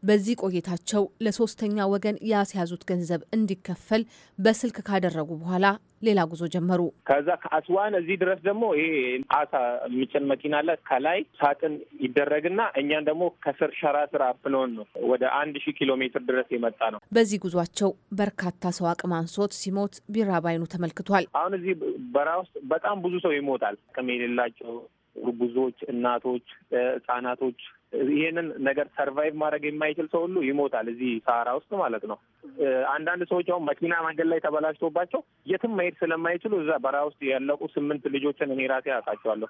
H: በዚህ ቆይታቸው ለሶስተኛ ወገን ያስያዙት ገንዘብ እንዲከፈል በስልክ ካደረጉ በኋላ ሌላ ጉዞ ጀመሩ።
L: ከዛ ከአስዋን እዚህ ድረስ ደግሞ ይሄ አሳ የሚጭን መኪና አለ። ከላይ ሳጥን ይደረግና እኛን ደግሞ ከስር ሸራ ስር አፍሎን ነው ወደ አንድ ሺህ ኪሎ ሜትር ድረስ የመጣ ነው።
H: በዚህ ጉዟቸው በርካታ ሰው አቅም አንሶት ሲሞት ቢራ ባይኑ ተመልክቷል።
L: አሁን እዚህ በረሃ ውስጥ በጣም ብዙ ሰው ይሞታል። አቅም የሌላቸው እርጉዞች፣ እናቶች፣ ህጻናቶች ይሄንን ነገር ሰርቫይቭ ማድረግ የማይችል ሰው ሁሉ ይሞታል እዚህ ሰሃራ ውስጥ ማለት ነው። አንዳንድ ሰዎች አሁን መኪና መንገድ ላይ ተበላሽቶባቸው የትም መሄድ ስለማይችሉ እዛ በረሃ ውስጥ ያለቁ ስምንት ልጆችን እኔ ራሴ አውቃቸዋለሁ።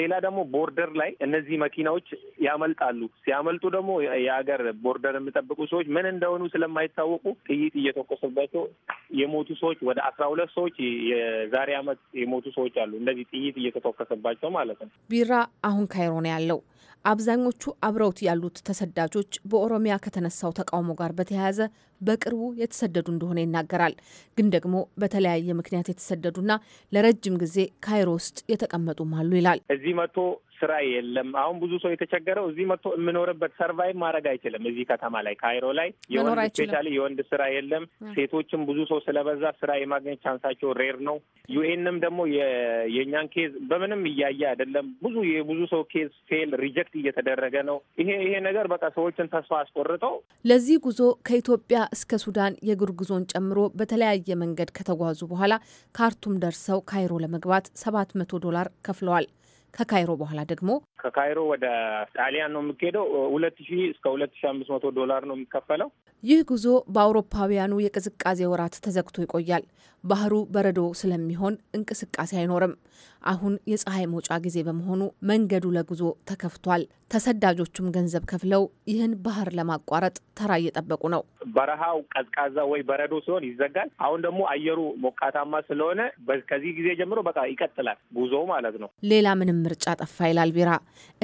L: ሌላ ደግሞ ቦርደር ላይ እነዚህ መኪናዎች ያመልጣሉ። ሲያመልጡ ደግሞ የሀገር ቦርደር የሚጠብቁ ሰዎች ምን እንደሆኑ ስለማይታወቁ ጥይት እየተኮሱባቸው የሞቱ ሰዎች ወደ አስራ ሁለት ሰዎች የዛሬ አመት የሞቱ ሰዎች አሉ። እንደዚህ ጥይት እየተተኮሰባቸው ማለት ነው።
H: ቢራ አሁን ካይሮ ነው ያለው። አብዛኞቹ አብረውት ያሉት ተሰዳጆች በኦሮሚያ ከተነሳው ተቃውሞ ጋር በተያያዘ በቅርቡ የተሰደዱ እንደሆነ ይናገራል። ግን ደግሞ በተለያየ ምክንያት የተሰደዱና ለረጅም ጊዜ ካይሮ ውስጥ የተቀመጡም አሉ ይላል።
L: እዚህ መጥቶ ስራ የለም። አሁን ብዙ ሰው የተቸገረው እዚህ መጥቶ የምኖርበት ሰርቫይቭ ማድረግ አይችልም። እዚህ ከተማ ላይ ካይሮ ላይ የወንድ ስፔሻሊ የወንድ ስራ የለም። ሴቶችም ብዙ ሰው ስለበዛ ስራ የማግኘት ቻንሳቸው ሬር ነው። ዩኤንም ደግሞ የእኛን ኬዝ በምንም እያየ አይደለም። ብዙ የብዙ ሰው ኬዝ ፌል ሪጀክት እየተደረገ ነው። ይሄ ይሄ ነገር በቃ ሰዎችን ተስፋ አስቆርጠው
H: ለዚህ ጉዞ ከኢትዮጵያ እስከ ሱዳን የእግር ጉዞን ጨምሮ በተለያየ መንገድ ከተጓዙ በኋላ ካርቱም ደርሰው ካይሮ ለመግባት ሰባት መቶ ዶላር ከፍለዋል። ከካይሮ በኋላ ደግሞ
L: ከካይሮ ወደ ጣሊያን ነው የሚካሄደው። ሁለት ሺ እስከ ሁለት ሺ አምስት መቶ ዶላር ነው የሚከፈለው።
H: ይህ ጉዞ በአውሮፓውያኑ የቅዝቃዜ ወራት ተዘግቶ ይቆያል። ባህሩ በረዶ ስለሚሆን እንቅስቃሴ አይኖርም። አሁን የፀሐይ መውጫ ጊዜ በመሆኑ መንገዱ ለጉዞ ተከፍቷል። ተሰዳጆቹም ገንዘብ ከፍለው ይህን ባህር ለማቋረጥ ተራ እየጠበቁ ነው።
L: በረሃው ቀዝቃዛ ወይ በረዶ ሲሆን ይዘጋል። አሁን ደግሞ አየሩ ሞቃታማ ስለሆነ ከዚህ ጊዜ ጀምሮ በቃ ይቀጥላል ጉዞ ማለት ነው።
H: ሌላ ምንም ምርጫ ጠፋ ይላል ቢራ።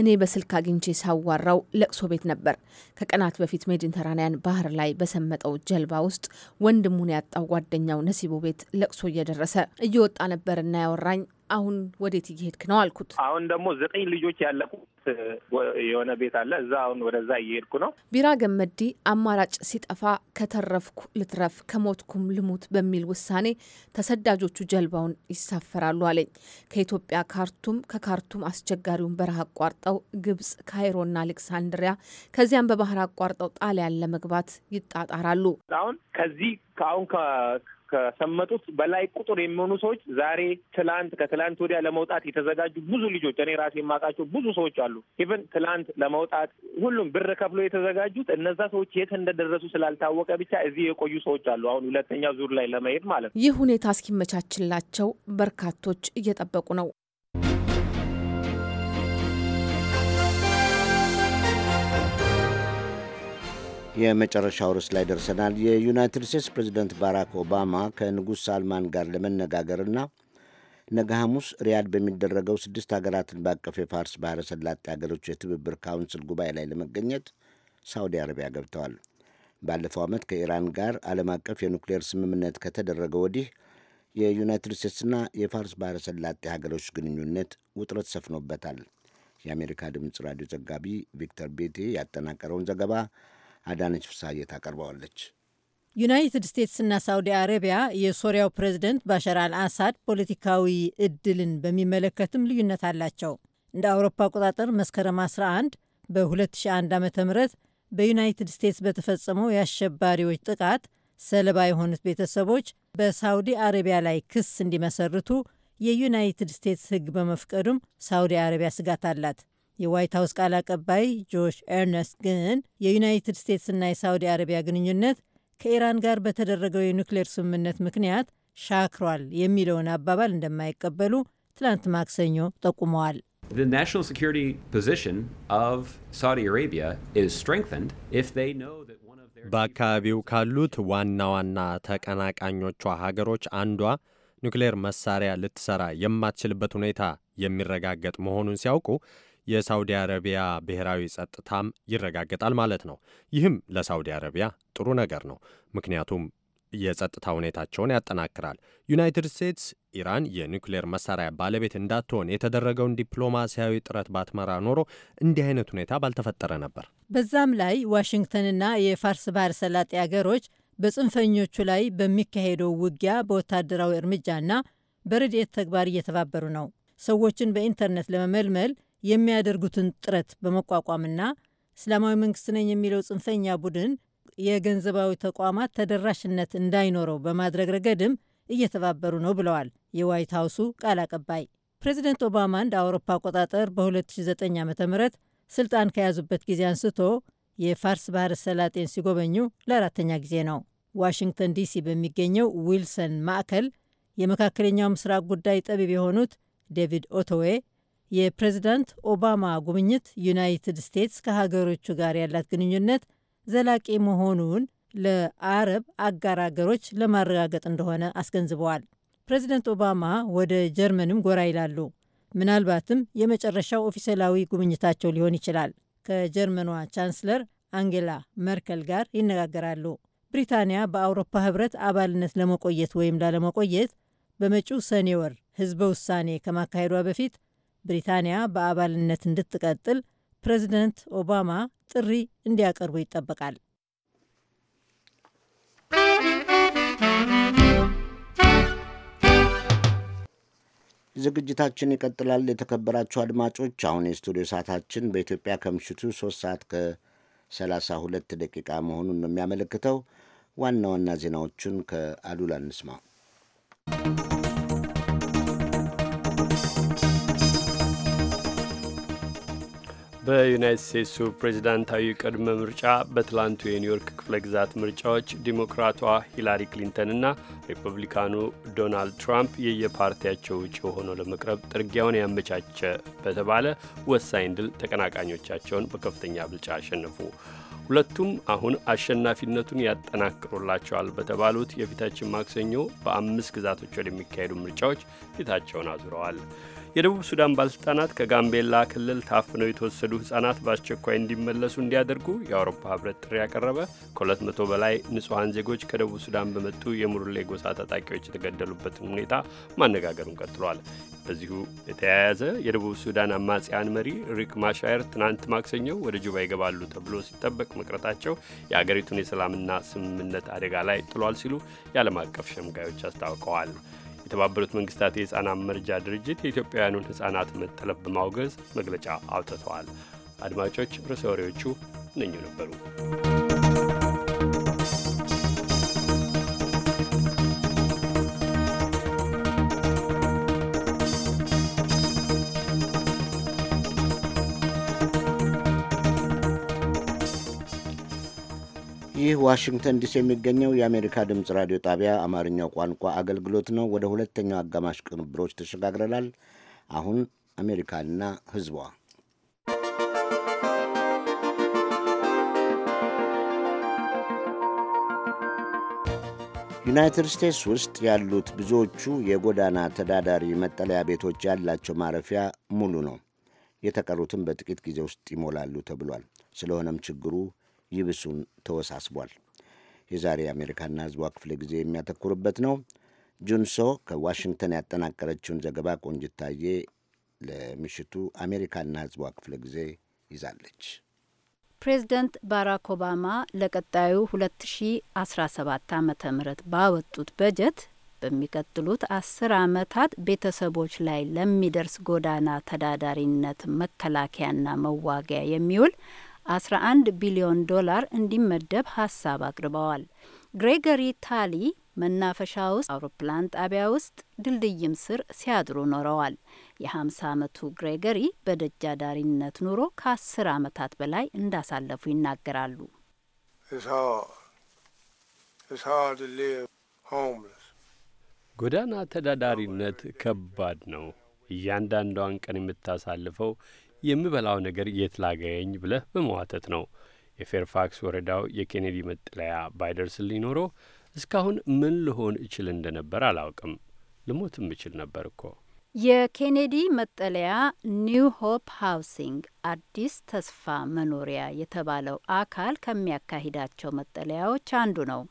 H: እኔ በስልክ አግኝቼ ሳዋራው ለቅሶ ቤት ነበር። ከቀናት በፊት ሜዲተራንያን ባህር ላይ በሰመጠው ጀልባ ውስጥ ወንድሙን ያጣው ጓደኛው ነሲቦ ቤት ለቅሶ እየደረሰ እየወጣ ነበርና ያወራኝ። አሁን ወዴት እየሄድክ ነው አልኩት።
L: አሁን ደግሞ ዘጠኝ ልጆች ያለቁት የሆነ ቤት አለ እዛ አሁን ወደዛ እየሄድኩ ነው።
H: ቢራ ገመዲ አማራጭ ሲጠፋ ከተረፍኩ ልትረፍ ከሞትኩም ልሙት በሚል ውሳኔ ተሰዳጆቹ ጀልባውን ይሳፈራሉ አለኝ። ከኢትዮጵያ ካርቱም፣ ከካርቱም አስቸጋሪውን በረሃ አቋርጠው ግብጽ፣ ካይሮና አሌክሳንድሪያ ከዚያም በባህር አቋርጠው ጣሊያን ለመግባት ይጣጣራሉ።
L: አሁን ከዚህ አሁን ከሰመጡት በላይ ቁጥር የሚሆኑ ሰዎች ዛሬ፣ ትላንት፣ ከትላንት ወዲያ ለመውጣት የተዘጋጁ ብዙ ልጆች እኔ ራሴ የማውቃቸው ብዙ ሰዎች አሉ። ኢቨን ትላንት ለመውጣት ሁሉም ብር ከፍሎ የተዘጋጁት እነዛ ሰዎች የት እንደደረሱ ስላልታወቀ ብቻ እዚህ የቆዩ ሰዎች አሉ። አሁን ሁለተኛ ዙር ላይ ለመሄድ ማለት ነው። ይህ
H: ሁኔታ እስኪመቻችላቸው በርካቶች እየጠበቁ ነው።
D: የመጨረሻው ርዕስ ላይ ደርሰናል። የዩናይትድ ስቴትስ ፕሬዚደንት ባራክ ኦባማ ከንጉሥ ሳልማን ጋር ለመነጋገርና ነገ ሐሙስ ሪያድ በሚደረገው ስድስት ሀገራትን ባቀፍ የፋርስ ባሕረ ሰላጤ ሀገሮች የትብብር ካውንስል ጉባኤ ላይ ለመገኘት ሳውዲ አረቢያ ገብተዋል። ባለፈው ዓመት ከኢራን ጋር ዓለም አቀፍ የኑክሌር ስምምነት ከተደረገ ወዲህ የዩናይትድ ስቴትስና የፋርስ ባሕረ ሰላጤ ሀገሮች ግንኙነት ውጥረት ሰፍኖበታል። የአሜሪካ ድምፅ ራዲዮ ዘጋቢ ቪክተር ቤቴ ያጠናቀረውን ዘገባ አዳነች ፍሳዬ ታቀርበዋለች።
M: ዩናይትድ ስቴትስና ሳውዲ አረቢያ የሶሪያው ፕሬዝደንት ባሻር አልአሳድ ፖለቲካዊ እድልን በሚመለከትም ልዩነት አላቸው። እንደ አውሮፓ አቆጣጠር መስከረም 11 በ2001 ዓ.ም በዩናይትድ ስቴትስ በተፈጸመው የአሸባሪዎች ጥቃት ሰለባ የሆኑት ቤተሰቦች በሳውዲ አረቢያ ላይ ክስ እንዲመሰርቱ የዩናይትድ ስቴትስ ሕግ በመፍቀዱም ሳውዲ አረቢያ ስጋት አላት። የዋይት ሀውስ ቃል አቀባይ ጆሽ ኤርነስት ግን የዩናይትድ ስቴትስና የሳውዲ አረቢያ ግንኙነት ከኢራን ጋር በተደረገው የኒክሌር ስምምነት ምክንያት ሻክሯል የሚለውን አባባል እንደማይቀበሉ ትላንት ማክሰኞ ጠቁመዋል።
B: በአካባቢው
G: ካሉት ዋና ዋና ተቀናቃኞቿ ሀገሮች አንዷ ኒክሌር መሳሪያ ልትሰራ የማትችልበት ሁኔታ የሚረጋገጥ መሆኑን ሲያውቁ የሳውዲ አረቢያ ብሔራዊ ጸጥታም ይረጋገጣል ማለት ነው። ይህም ለሳውዲ አረቢያ ጥሩ ነገር ነው፣ ምክንያቱም የጸጥታ ሁኔታቸውን ያጠናክራል። ዩናይትድ ስቴትስ ኢራን የኒውክሌር መሳሪያ ባለቤት እንዳትሆን የተደረገውን ዲፕሎማሲያዊ ጥረት ባትመራ ኖሮ እንዲህ አይነት ሁኔታ ባልተፈጠረ ነበር።
M: በዛም ላይ ዋሽንግተንና የፋርስ ባህር ሰላጤ አገሮች በጽንፈኞቹ ላይ በሚካሄደው ውጊያ በወታደራዊ እርምጃና በረድኤት ተግባር እየተባበሩ ነው። ሰዎችን በኢንተርኔት ለመመልመል የሚያደርጉትን ጥረት በመቋቋምና እስላማዊ መንግስት ነኝ የሚለው ጽንፈኛ ቡድን የገንዘባዊ ተቋማት ተደራሽነት እንዳይኖረው በማድረግ ረገድም እየተባበሩ ነው ብለዋል የዋይት ሀውሱ ቃል አቀባይ። ፕሬዚደንት ኦባማ እንደ አውሮፓ አቆጣጠር በ2009 ዓ ም ስልጣን ከያዙበት ጊዜ አንስቶ የፋርስ ባህረ ሰላጤን ሲጎበኙ ለአራተኛ ጊዜ ነው። ዋሽንግተን ዲሲ በሚገኘው ዊልሰን ማዕከል የመካከለኛው ምስራቅ ጉዳይ ጠቢብ የሆኑት ዴቪድ ኦቶዌ የፕሬዝዳንት ኦባማ ጉብኝት ዩናይትድ ስቴትስ ከሀገሮቹ ጋር ያላት ግንኙነት ዘላቂ መሆኑን ለአረብ አጋር አገሮች ለማረጋገጥ እንደሆነ አስገንዝበዋል። ፕሬዚደንት ኦባማ ወደ ጀርመንም ጎራ ይላሉ። ምናልባትም የመጨረሻው ኦፊሴላዊ ጉብኝታቸው ሊሆን ይችላል። ከጀርመኗ ቻንስለር አንጌላ መርከል ጋር ይነጋገራሉ። ብሪታንያ በአውሮፓ ህብረት አባልነት ለመቆየት ወይም ላለመቆየት በመጪው ሰኔ ወር ህዝበ ውሳኔ ከማካሄዷ በፊት ብሪታንያ በአባልነት እንድትቀጥል ፕሬዚደንት ኦባማ ጥሪ እንዲያቀርቡ ይጠበቃል።
D: ዝግጅታችን ይቀጥላል። የተከበራችሁ አድማጮች፣ አሁን የስቱዲዮ ሰዓታችን በኢትዮጵያ ከምሽቱ ሶስት ሰዓት ከሰላሳ ሁለት ደቂቃ መሆኑን ነው የሚያመለክተው። ዋና ዋና ዜናዎቹን ከአሉላ እንስማ።
A: በዩናይት ስቴትሱ ፕሬዚዳንታዊ ቅድመ ምርጫ በትላንቱ የኒውዮርክ ክፍለ ግዛት ምርጫዎች ዲሞክራቷ ሂላሪ ክሊንተንና ሪፐብሊካኑ ዶናልድ ትራምፕ የየፓርቲያቸው ውጪ ሆነው ለመቅረብ ጥርጊያውን ያመቻቸ በተባለ ወሳኝ ድል ተቀናቃኞቻቸውን በከፍተኛ ብልጫ አሸነፉ። ሁለቱም አሁን አሸናፊነቱን ያጠናክሩላቸዋል በተባሉት የፊታችን ማክሰኞ በአምስት ግዛቶች ወደሚካሄዱ ምርጫዎች ፊታቸውን አዙረዋል። የደቡብ ሱዳን ባለሥልጣናት ከጋምቤላ ክልል ታፍነው የተወሰዱ ሕፃናት በአስቸኳይ እንዲመለሱ እንዲያደርጉ የአውሮፓ ህብረት ጥሪ ያቀረበ ከ200 በላይ ንጹሐን ዜጎች ከደቡብ ሱዳን በመጡ የሙርሌ ጎሳ ታጣቂዎች የተገደሉበትን ሁኔታ ማነጋገሩን ቀጥሏል። በዚሁ የተያያዘ የደቡብ ሱዳን አማጽያን መሪ ሪክ ማሻየር ትናንት ማክሰኞ ወደ ጁባ ይገባሉ ተብሎ ሲጠበቅ መቅረታቸው የአገሪቱን የሰላምና ስምምነት አደጋ ላይ ጥሏል ሲሉ የዓለም አቀፍ ሸምጋዮች አስታውቀዋል። የተባበሩት መንግስታት የህፃናት መርጃ ድርጅት የኢትዮጵያውያኑን ህፃናት መጠለፍ በማውገዝ መግለጫ አውጥተዋል። አድማጮች ርዕሰ ወሬዎቹ እነኙ ነበሩ።
D: ይህ ዋሽንግተን ዲሲ የሚገኘው የአሜሪካ ድምፅ ራዲዮ ጣቢያ አማርኛው ቋንቋ አገልግሎት ነው። ወደ ሁለተኛው አጋማሽ ቅንብሮች ተሸጋግረናል። አሁን አሜሪካና ሕዝቧ ዩናይትድ ስቴትስ ውስጥ ያሉት ብዙዎቹ የጎዳና ተዳዳሪ መጠለያ ቤቶች ያላቸው ማረፊያ ሙሉ ነው። የተቀሩትም በጥቂት ጊዜ ውስጥ ይሞላሉ ተብሏል። ስለሆነም ችግሩ ይብሱን ተወሳስቧል። የዛሬ የአሜሪካና ህዝቧ ክፍለ ጊዜ የሚያተኩርበት ነው። ጁንሶ ከዋሽንግተን ያጠናቀረችውን ዘገባ ቆንጅታዬ ለምሽቱ አሜሪካና ህዝቧ ክፍለ ጊዜ ይዛለች።
N: ፕሬዚደንት ባራክ ኦባማ ለቀጣዩ 2017 ዓ ም ባወጡት በጀት በሚቀጥሉት አስር ዓመታት ቤተሰቦች ላይ ለሚደርስ ጎዳና ተዳዳሪነት መከላከያና መዋጊያ የሚውል 11 ቢሊዮን ዶላር እንዲመደብ ሀሳብ አቅርበዋል። ግሬገሪ ታሊ መናፈሻ ውስጥ፣ አውሮፕላን ጣቢያ ውስጥ፣ ድልድይም ስር ሲያድሩ ኖረዋል። የ50 ዓመቱ ግሬገሪ በደጃ ዳሪነት ኑሮ ከ10 ዓመታት በላይ እንዳሳለፉ ይናገራሉ።
A: ጎዳና ተዳዳሪነት ከባድ ነው። እያንዳንዷን ቀን የምታሳልፈው የምበላው ነገር የት ላገኝ ብለህ በመዋተት ነው። የፌርፋክስ ወረዳው የኬኔዲ መጠለያ ባይደርስልኝ ኖሮ እስካሁን ምን ልሆን እችል እንደነበር አላውቅም። ልሞትም እችል ነበር እኮ።
N: የኬኔዲ መጠለያ ኒው ሆፕ ሃውሲንግ አዲስ ተስፋ መኖሪያ የተባለው አካል ከሚያካሂዳቸው መጠለያዎች አንዱ ነው።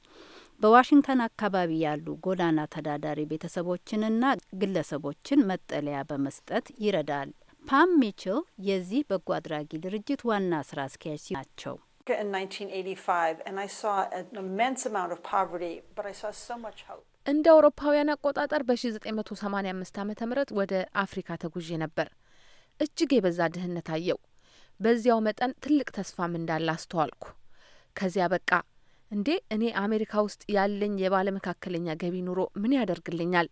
N: በዋሽንግተን አካባቢ ያሉ ጎዳና ተዳዳሪ ቤተሰቦችንና ግለሰቦችን መጠለያ በመስጠት ይረዳል። ፓም ሚችል የዚህ በጎ አድራጊ ድርጅት ዋና ስራ አስኪያጅ ናቸው።
H: እንደ አውሮፓውያን አቆጣጠር በ1985 ዓ ም ወደ አፍሪካ ተጉዤ ነበር። እጅግ የበዛ ድህነት አየው። በዚያው መጠን ትልቅ ተስፋም እንዳለ አስተዋልኩ። ከዚያ በቃ እንዴ እኔ አሜሪካ ውስጥ ያለኝ የባለ መካከለኛ ገቢ ኑሮ ምን ያደርግልኛል?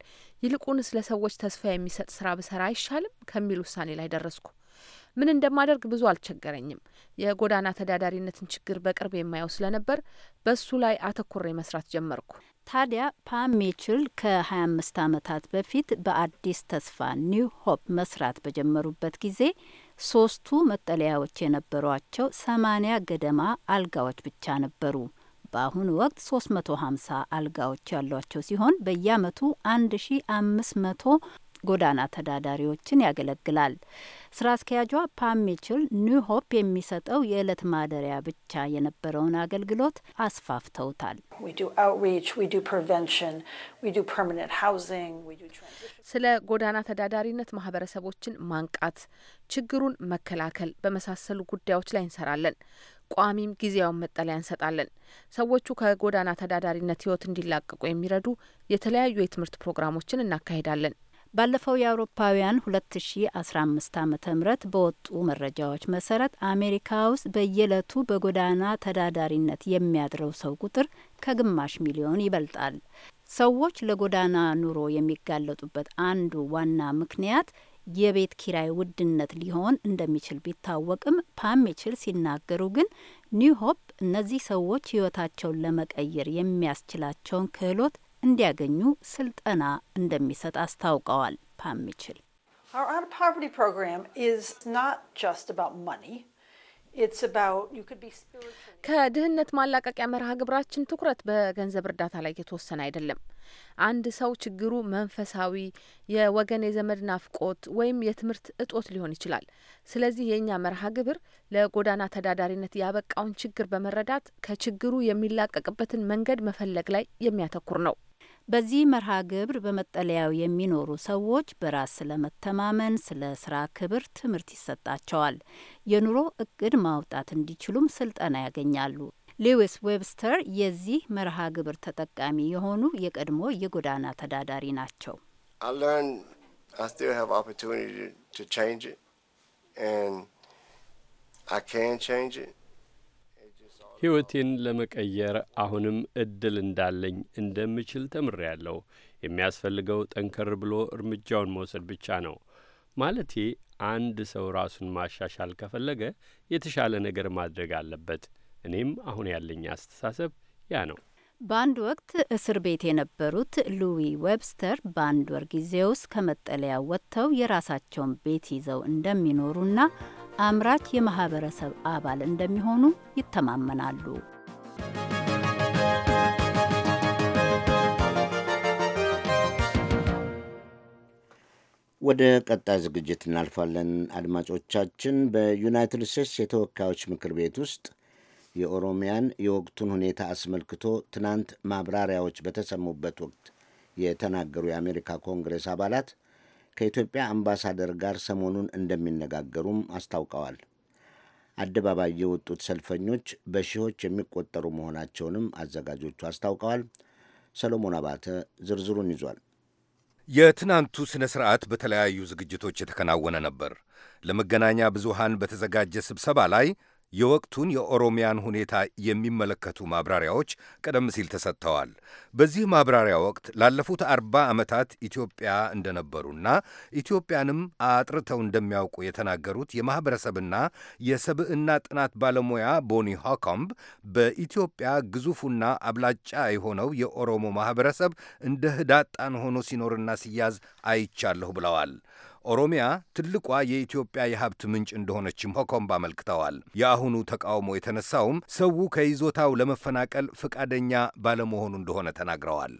H: ስለ ሰዎች ተስፋ የሚሰጥ ስራ ብሰራ አይሻልም? ከሚል ውሳኔ ላይ ደረስኩ። ምን እንደማደርግ ብዙ አልቸገረኝም። የጎዳና ተዳዳሪነትን ችግር በቅርብ የማየው ስለነበር በሱ ላይ አተኩሬ መስራት ጀመርኩ። ታዲያ ፓም ሚችል ከ25 ዓመታት በፊት
N: በአዲስ ተስፋ ኒው ሆፕ መስራት በጀመሩበት ጊዜ ሶስቱ መጠለያዎች የነበሯቸው ሰማኒያ ገደማ አልጋዎች ብቻ ነበሩ። በአሁኑ ወቅት 350 አልጋዎች ያሏቸው ሲሆን በየአመቱ 1500 ጎዳና ተዳዳሪዎችን ያገለግላል። ስራ አስኪያጇ ፓም ሚችል ኒው ሆፕ የሚሰጠው የዕለት ማደሪያ ብቻ የነበረውን አገልግሎት አስፋፍተውታል።
H: ስለ ጎዳና ተዳዳሪነት ማህበረሰቦችን ማንቃት፣ ችግሩን መከላከል በመሳሰሉ ጉዳዮች ላይ እንሰራለን። ቋሚም ጊዜያውን መጠለያ እንሰጣለን። ሰዎቹ ከጎዳና ተዳዳሪነት ህይወት እንዲላቀቁ የሚረዱ የተለያዩ የትምህርት ፕሮግራሞችን እናካሂዳለን።
N: ባለፈው የአውሮፓውያን 2015 ዓ ም በወጡ መረጃዎች መሰረት አሜሪካ ውስጥ በየዕለቱ በጎዳና ተዳዳሪነት የሚያድረው ሰው ቁጥር ከግማሽ ሚሊዮን ይበልጣል። ሰዎች ለጎዳና ኑሮ የሚጋለጡበት አንዱ ዋና ምክንያት የቤት ኪራይ ውድነት ሊሆን እንደሚችል ቢታወቅም ፓም ሚችል ሲናገሩ ግን ኒው ሆፕ እነዚህ ሰዎች ሕይወታቸውን ለመቀየር የሚያስችላቸውን ክህሎት እንዲያገኙ ስልጠና እንደሚሰጥ አስታውቀዋል። ፓም ሚችል
H: ከድህነት ማላቀቂያ መርሃ ግብራችን ትኩረት በገንዘብ እርዳታ ላይ የተወሰነ አይደለም። አንድ ሰው ችግሩ መንፈሳዊ፣ የወገን የዘመድ ናፍቆት ወይም የትምህርት እጦት ሊሆን ይችላል። ስለዚህ የእኛ መርሃ ግብር ለጎዳና ተዳዳሪነት ያበቃውን ችግር በመረዳት ከችግሩ የሚላቀቅበትን መንገድ መፈለግ ላይ የሚያተኩር
N: ነው። በዚህ መርሃ ግብር በመጠለያው የሚኖሩ ሰዎች በራስ ስለመተማመን፣ ስለ ስራ ክብር ትምህርት ይሰጣቸዋል። የኑሮ እቅድ ማውጣት እንዲችሉም ስልጠና ያገኛሉ። ሊዊስ ዌብስተር የዚህ መርሃ ግብር ተጠቃሚ የሆኑ የቀድሞ የጎዳና ተዳዳሪ ናቸው።
A: ሕይወቴን ለመቀየር አሁንም እድል እንዳለኝ እንደምችል ተምሬያለሁ። የሚያስፈልገው ጠንከር ብሎ እርምጃውን መውሰድ ብቻ ነው። ማለቴ አንድ ሰው ራሱን ማሻሻል ከፈለገ የተሻለ ነገር ማድረግ አለበት። እኔም አሁን ያለኝ አስተሳሰብ ያ ነው።
N: በአንድ ወቅት እስር ቤት የነበሩት ሉዊ ዌብስተር በአንድ ወር ጊዜ ውስጥ ከመጠለያ ወጥተው የራሳቸውን ቤት ይዘው እንደሚኖሩና አምራች የማህበረሰብ አባል እንደሚሆኑ ይተማመናሉ።
D: ወደ ቀጣይ ዝግጅት እናልፋለን አድማጮቻችን። በዩናይትድ ስቴትስ የተወካዮች ምክር ቤት ውስጥ የኦሮሚያን የወቅቱን ሁኔታ አስመልክቶ ትናንት ማብራሪያዎች በተሰሙበት ወቅት የተናገሩ የአሜሪካ ኮንግሬስ አባላት ከኢትዮጵያ አምባሳደር ጋር ሰሞኑን እንደሚነጋገሩም አስታውቀዋል። አደባባይ የወጡት ሰልፈኞች በሺዎች የሚቆጠሩ መሆናቸውንም አዘጋጆቹ አስታውቀዋል። ሰሎሞን አባተ ዝርዝሩን ይዟል።
F: የትናንቱ ሥነ ሥርዓት በተለያዩ ዝግጅቶች የተከናወነ ነበር። ለመገናኛ ብዙሃን በተዘጋጀ ስብሰባ ላይ የወቅቱን የኦሮሚያን ሁኔታ የሚመለከቱ ማብራሪያዎች ቀደም ሲል ተሰጥተዋል። በዚህ ማብራሪያ ወቅት ላለፉት አርባ ዓመታት ኢትዮጵያ እንደነበሩና ኢትዮጵያንም አጥርተው እንደሚያውቁ የተናገሩት የማኅበረሰብና የሰብዕና ጥናት ባለሙያ ቦኒ ሆኮምብ በኢትዮጵያ ግዙፉና አብላጫ የሆነው የኦሮሞ ማኅበረሰብ እንደ ህዳጣን ሆኖ ሲኖርና ሲያዝ አይቻለሁ ብለዋል። ኦሮሚያ ትልቋ የኢትዮጵያ የሀብት ምንጭ እንደሆነችም ሆኮምብ አመልክተዋል። የአሁኑ ተቃውሞ የተነሳውም ሰው ከይዞታው ለመፈናቀል ፈቃደኛ
O: ባለመሆኑ እንደሆነ ተናግረዋል።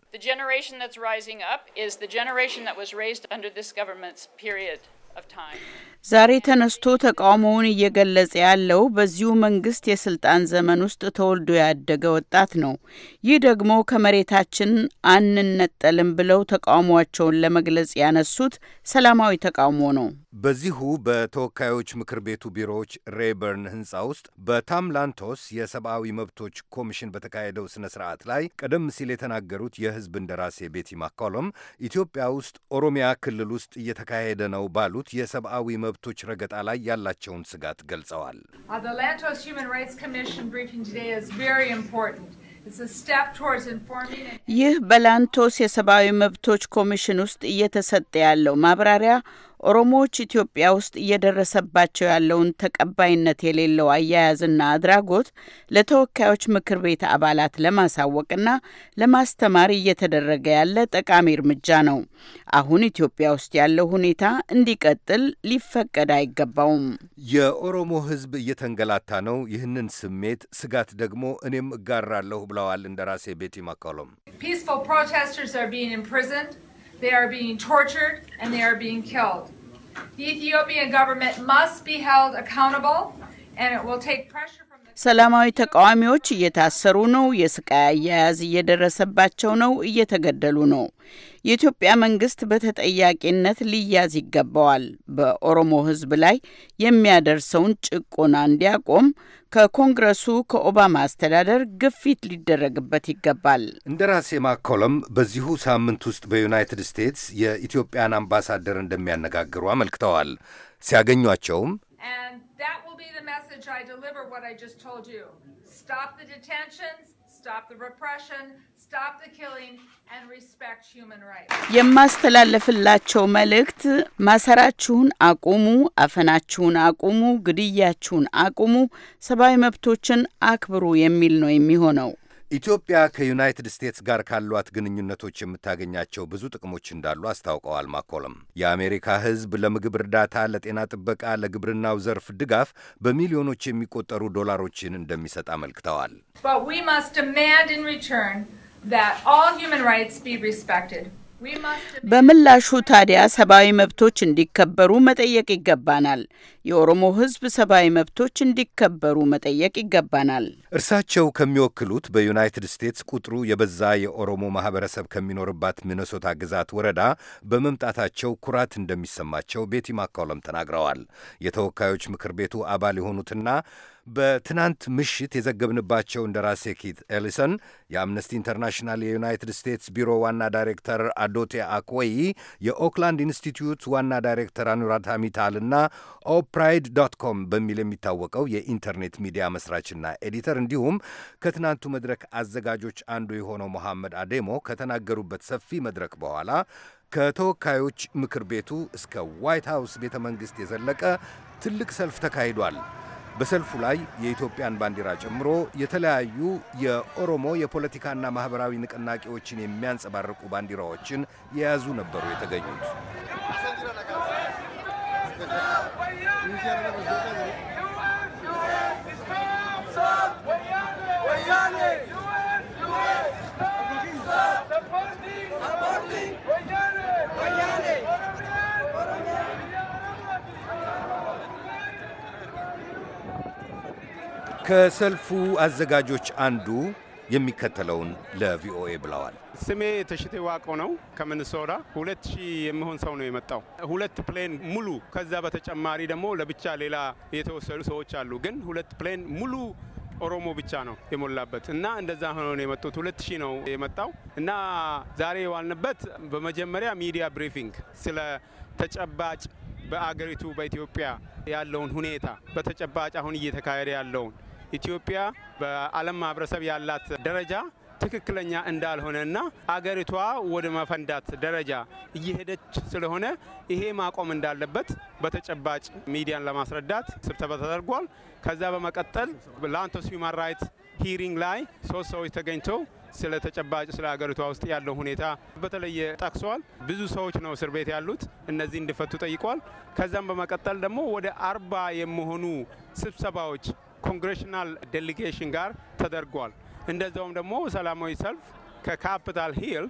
O: ዛሬ ተነስቶ ተቃውሞውን እየገለጸ ያለው በዚሁ መንግስት የስልጣን ዘመን ውስጥ ተወልዶ ያደገ ወጣት ነው። ይህ ደግሞ ከመሬታችን አንነጠልም ብለው ተቃውሟቸውን ለመግለጽ ያነሱት ሰላማዊ ተቃውሞ ነው።
F: በዚሁ በተወካዮች ምክር ቤቱ ቢሮዎች ሬበርን ህንፃ ውስጥ በታምላንቶስ የሰብአዊ መብቶች ኮሚሽን በተካሄደው ስነ ስርዓት ላይ ቀደም ሲል የተናገሩት የህዝብ እንደራሴ ቤቲ ማኮሎም ኢትዮጵያ ውስጥ ኦሮሚያ ክልል ውስጥ እየተካሄደ ነው ባሉት የሰብአዊ መብቶች ረገጣ ላይ ያላቸውን ስጋት ገልጸዋል።
H: uh,
O: ይህ በላንቶስ የሰብአዊ መብቶች ኮሚሽን ውስጥ እየተሰጠ ያለው ማብራሪያ ኦሮሞዎች ኢትዮጵያ ውስጥ እየደረሰባቸው ያለውን ተቀባይነት የሌለው አያያዝና አድራጎት ለተወካዮች ምክር ቤት አባላት ለማሳወቅና ለማስተማር እየተደረገ ያለ ጠቃሚ እርምጃ ነው። አሁን ኢትዮጵያ ውስጥ ያለው ሁኔታ እንዲቀጥል ሊፈቀድ አይገባውም።
F: የኦሮሞ ሕዝብ እየተንገላታ ነው። ይህንን ስሜት፣ ስጋት ደግሞ እኔም እጋራለሁ ብለዋል እንደራሴ ቤቲ ማካሎም
H: They are being tortured and they are being killed. The Ethiopian government must be held accountable and it will take pressure
O: from the ሰላማዊ ተቃዋሚዎች እየታሰሩ ነው። የስቃይ አያያዝ እየደረሰባቸው ነው። እየተገደሉ ነው። የኢትዮጵያ መንግስት በተጠያቂነት ሊያዝ ይገባዋል። በኦሮሞ ህዝብ ላይ የሚያደርሰውን ጭቆና እንዲያቆም ከኮንግረሱ ከኦባማ አስተዳደር ግፊት ሊደረግበት ይገባል።
F: እንደራሴ ማኮለም በዚሁ ሳምንት ውስጥ በዩናይትድ ስቴትስ የኢትዮጵያን አምባሳደር እንደሚያነጋግሩ አመልክተዋል። ሲያገኟቸውም
H: And that will be the message I deliver what I just told you. Stop the detentions.
O: የማስተላለፍላቸው መልእክት ማሰራችሁን አቁሙ፣ አፈናችሁን አቁሙ፣ ግድያችሁን አቁሙ፣ ሰብአዊ መብቶችን አክብሩ የሚል ነው የሚሆነው። ኢትዮጵያ ከዩናይትድ
F: ስቴትስ ጋር ካሏት ግንኙነቶች የምታገኛቸው ብዙ ጥቅሞች እንዳሉ አስታውቀዋል። ማኮለም የአሜሪካ ሕዝብ ለምግብ እርዳታ፣ ለጤና ጥበቃ፣ ለግብርናው ዘርፍ ድጋፍ በሚሊዮኖች የሚቆጠሩ ዶላሮችን እንደሚሰጥ አመልክተዋል።
O: በምላሹ ታዲያ ሰብአዊ መብቶች እንዲከበሩ መጠየቅ ይገባናል። የኦሮሞ ሕዝብ ሰብአዊ መብቶች እንዲከበሩ መጠየቅ ይገባናል።
F: እርሳቸው ከሚወክሉት በዩናይትድ ስቴትስ ቁጥሩ የበዛ የኦሮሞ ማህበረሰብ ከሚኖርባት ሚነሶታ ግዛት ወረዳ በመምጣታቸው ኩራት እንደሚሰማቸው ቤቲ ማካውለም ተናግረዋል። የተወካዮች ምክር ቤቱ አባል የሆኑትና በትናንት ምሽት የዘገብንባቸው እንደራሴ ኪት ኤሊሰን፣ የአምነስቲ ኢንተርናሽናል የዩናይትድ ስቴትስ ቢሮ ዋና ዳይሬክተር አዶቴ አኮይ፣ የኦክላንድ ኢንስቲትዩት ዋና ዳይሬክተር አኑራድ ሀሚታልና ኦፕ ፕራይድ ዶት ኮም በሚል የሚታወቀው የኢንተርኔት ሚዲያ መስራችና ኤዲተር እንዲሁም ከትናንቱ መድረክ አዘጋጆች አንዱ የሆነው መሐመድ አዴሞ ከተናገሩበት ሰፊ መድረክ በኋላ ከተወካዮች ምክር ቤቱ እስከ ዋይት ሃውስ ቤተ መንግሥት የዘለቀ ትልቅ ሰልፍ ተካሂዷል። በሰልፉ ላይ የኢትዮጵያን ባንዲራ ጨምሮ የተለያዩ የኦሮሞ የፖለቲካና ማኅበራዊ ንቅናቄዎችን የሚያንጸባርቁ ባንዲራዎችን የያዙ ነበሩ የተገኙት። ከሰልፉ አዘጋጆች አንዱ የሚከተለውን ለቪኦኤ ብለዋል።
B: ስሜ ተሽቴ ዋቆ ነው። ከምንሶራ ሁለት ሺህ የሚሆን ሰው ነው የመጣው። ሁለት ፕሌን ሙሉ። ከዛ በተጨማሪ ደግሞ ለብቻ ሌላ የተወሰዱ ሰዎች አሉ። ግን ሁለት ፕሌን ሙሉ ኦሮሞ ብቻ ነው የሞላበት እና እንደዛ ሆኖ ነው የመጡት። ሁለት ሺህ ነው የመጣው እና ዛሬ የዋልንበት በመጀመሪያ ሚዲያ ብሪፊንግ ስለ ተጨባጭ በአገሪቱ በኢትዮጵያ ያለውን ሁኔታ በተጨባጭ አሁን እየተካሄደ ያለውን ኢትዮጵያ በዓለም ማህበረሰብ ያላት ደረጃ ትክክለኛ እንዳልሆነና አገሪቷ ወደ መፈንዳት ደረጃ እየሄደች ስለሆነ ይሄ ማቆም እንዳለበት በተጨባጭ ሚዲያን ለማስረዳት ስብሰባ ተደርጓል። ከዛ በመቀጠል ላንቶስ ሂውማን ራይት ሂሪንግ ላይ ሶስት ሰዎች ተገኝተው ስለ ተጨባጭ ስለ ሀገሪቷ ውስጥ ያለው ሁኔታ በተለየ ጠቅሷል። ብዙ ሰዎች ነው እስር ቤት ያሉት፣ እነዚህ እንዲፈቱ ጠይቋል። ከዛም በመቀጠል ደግሞ ወደ አርባ የሚሆኑ ስብሰባዎች ኮንግሬሽናል ዴሌጌሽን ጋር ተደርጓል። እንደዚያውም ደግሞ ሰላማዊ ሰልፍ ከካፒታል ሂል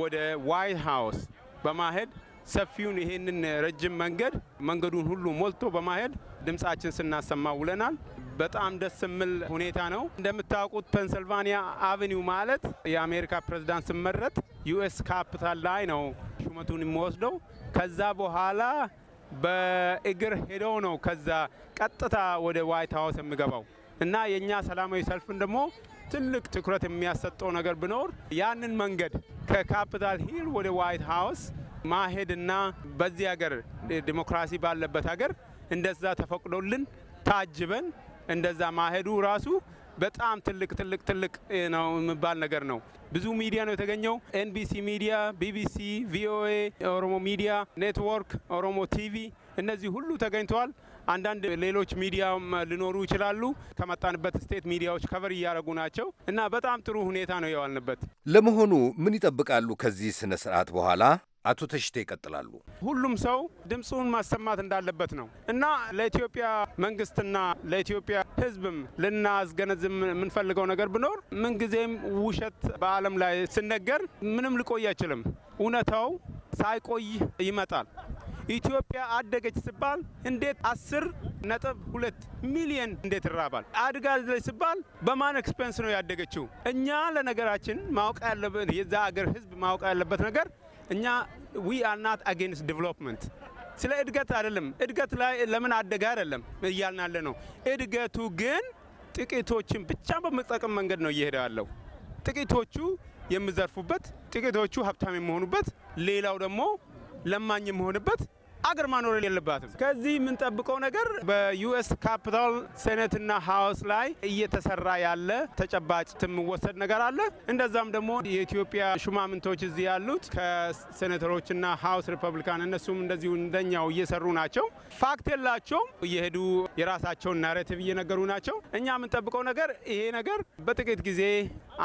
B: ወደ ዋይት ሀውስ በማሄድ ሰፊውን ይሄንን ረጅም መንገድ መንገዱን ሁሉ ሞልቶ በማሄድ ድምፃችን ስናሰማ ውለናል። በጣም ደስ የሚል ሁኔታ ነው። እንደምታውቁት ፔንስልቫኒያ አቨኒው ማለት የአሜሪካ ፕሬዝዳንት ስመረጥ ዩኤስ ካፒታል ላይ ነው ሹመቱን የሚወስደው። ከዛ በኋላ በእግር ሄደው ነው ከዛ ቀጥታ ወደ ዋይት ሀውስ የሚገባው እና የእኛ ሰላማዊ ሰልፍን ደግሞ ትልቅ ትኩረት የሚያሰጠው ነገር ቢኖር ያንን መንገድ ከካፒታል ሂል ወደ ዋይት ሀውስ ማሄድና በዚህ ሀገር ዲሞክራሲ ባለበት ሀገር እንደዛ ተፈቅዶልን ታጅበን እንደዛ ማሄዱ ራሱ በጣም ትልቅ ትልቅ ትልቅ ነው የሚባል ነገር ነው። ብዙ ሚዲያ ነው የተገኘው። ኤንቢሲ ሚዲያ፣ ቢቢሲ፣ ቪኦኤ፣ ኦሮሞ ሚዲያ ኔትወርክ፣ ኦሮሞ ቲቪ እነዚህ ሁሉ ተገኝተዋል። አንዳንድ ሌሎች ሚዲያም ሊኖሩ ይችላሉ። ከመጣንበት ስቴት ሚዲያዎች ከቨር እያደረጉ ናቸው እና በጣም ጥሩ ሁኔታ ነው የዋልንበት።
F: ለመሆኑ ምን ይጠብቃሉ ከዚህ ስነ ስርዓት በኋላ? አቶ ተሽቴ ይቀጥላሉ።
B: ሁሉም ሰው ድምፁን ማሰማት እንዳለበት ነው እና ለኢትዮጵያ መንግስትና ለኢትዮጵያ ሕዝብም ልናስገነዝብ የምንፈልገው ነገር ቢኖር ምንጊዜም ውሸት በዓለም ላይ ሲነገር ምንም ሊቆይ አይችልም። እውነታው ሳይቆይ ይመጣል። ኢትዮጵያ አደገች ስባል እንዴት አስር ነጥብ ሁለት ሚሊየን እንዴት ይራባል? አድጋለች ስባል በማን ኤክስፔንስ ነው ያደገችው? እኛ ለነገራችን ማወቅ ያለበት የዛ አገር ህዝብ ማወቅ ያለበት ነገር እኛ ዊ አር ናት አጌንስት ዲቨሎፕመንት ስለ እድገት አይደለም። እድገት ላይ ለምን አደገ አይደለም እያልናለ ነው። እድገቱ ግን ጥቂቶችን ብቻ በመጠቀም መንገድ ነው እየሄደ ያለው። ጥቂቶቹ የሚዘርፉበት፣ ጥቂቶቹ ሀብታም የሚሆኑበት፣ ሌላው ደግሞ ለማኝ የምሆንበት አገር ማኖር የለባትም። ከዚህ የምንጠብቀው ነገር በዩኤስ ካፒታል ሴኔትና ሀውስ ላይ እየተሰራ ያለ ተጨባጭ የምወሰድ ነገር አለ። እንደዛም ደግሞ የኢትዮጵያ ሹማምንቶች እዚህ ያሉት ከሴኔተሮችና ሀውስ ሪፐብሊካን እነሱም እንደዚሁ እንደኛው እየሰሩ ናቸው። ፋክት የላቸውም፣ እየሄዱ የራሳቸውን ናሬቲቭ እየነገሩ ናቸው። እኛ የምንጠብቀው ነገር ይሄ ነገር በጥቂት ጊዜ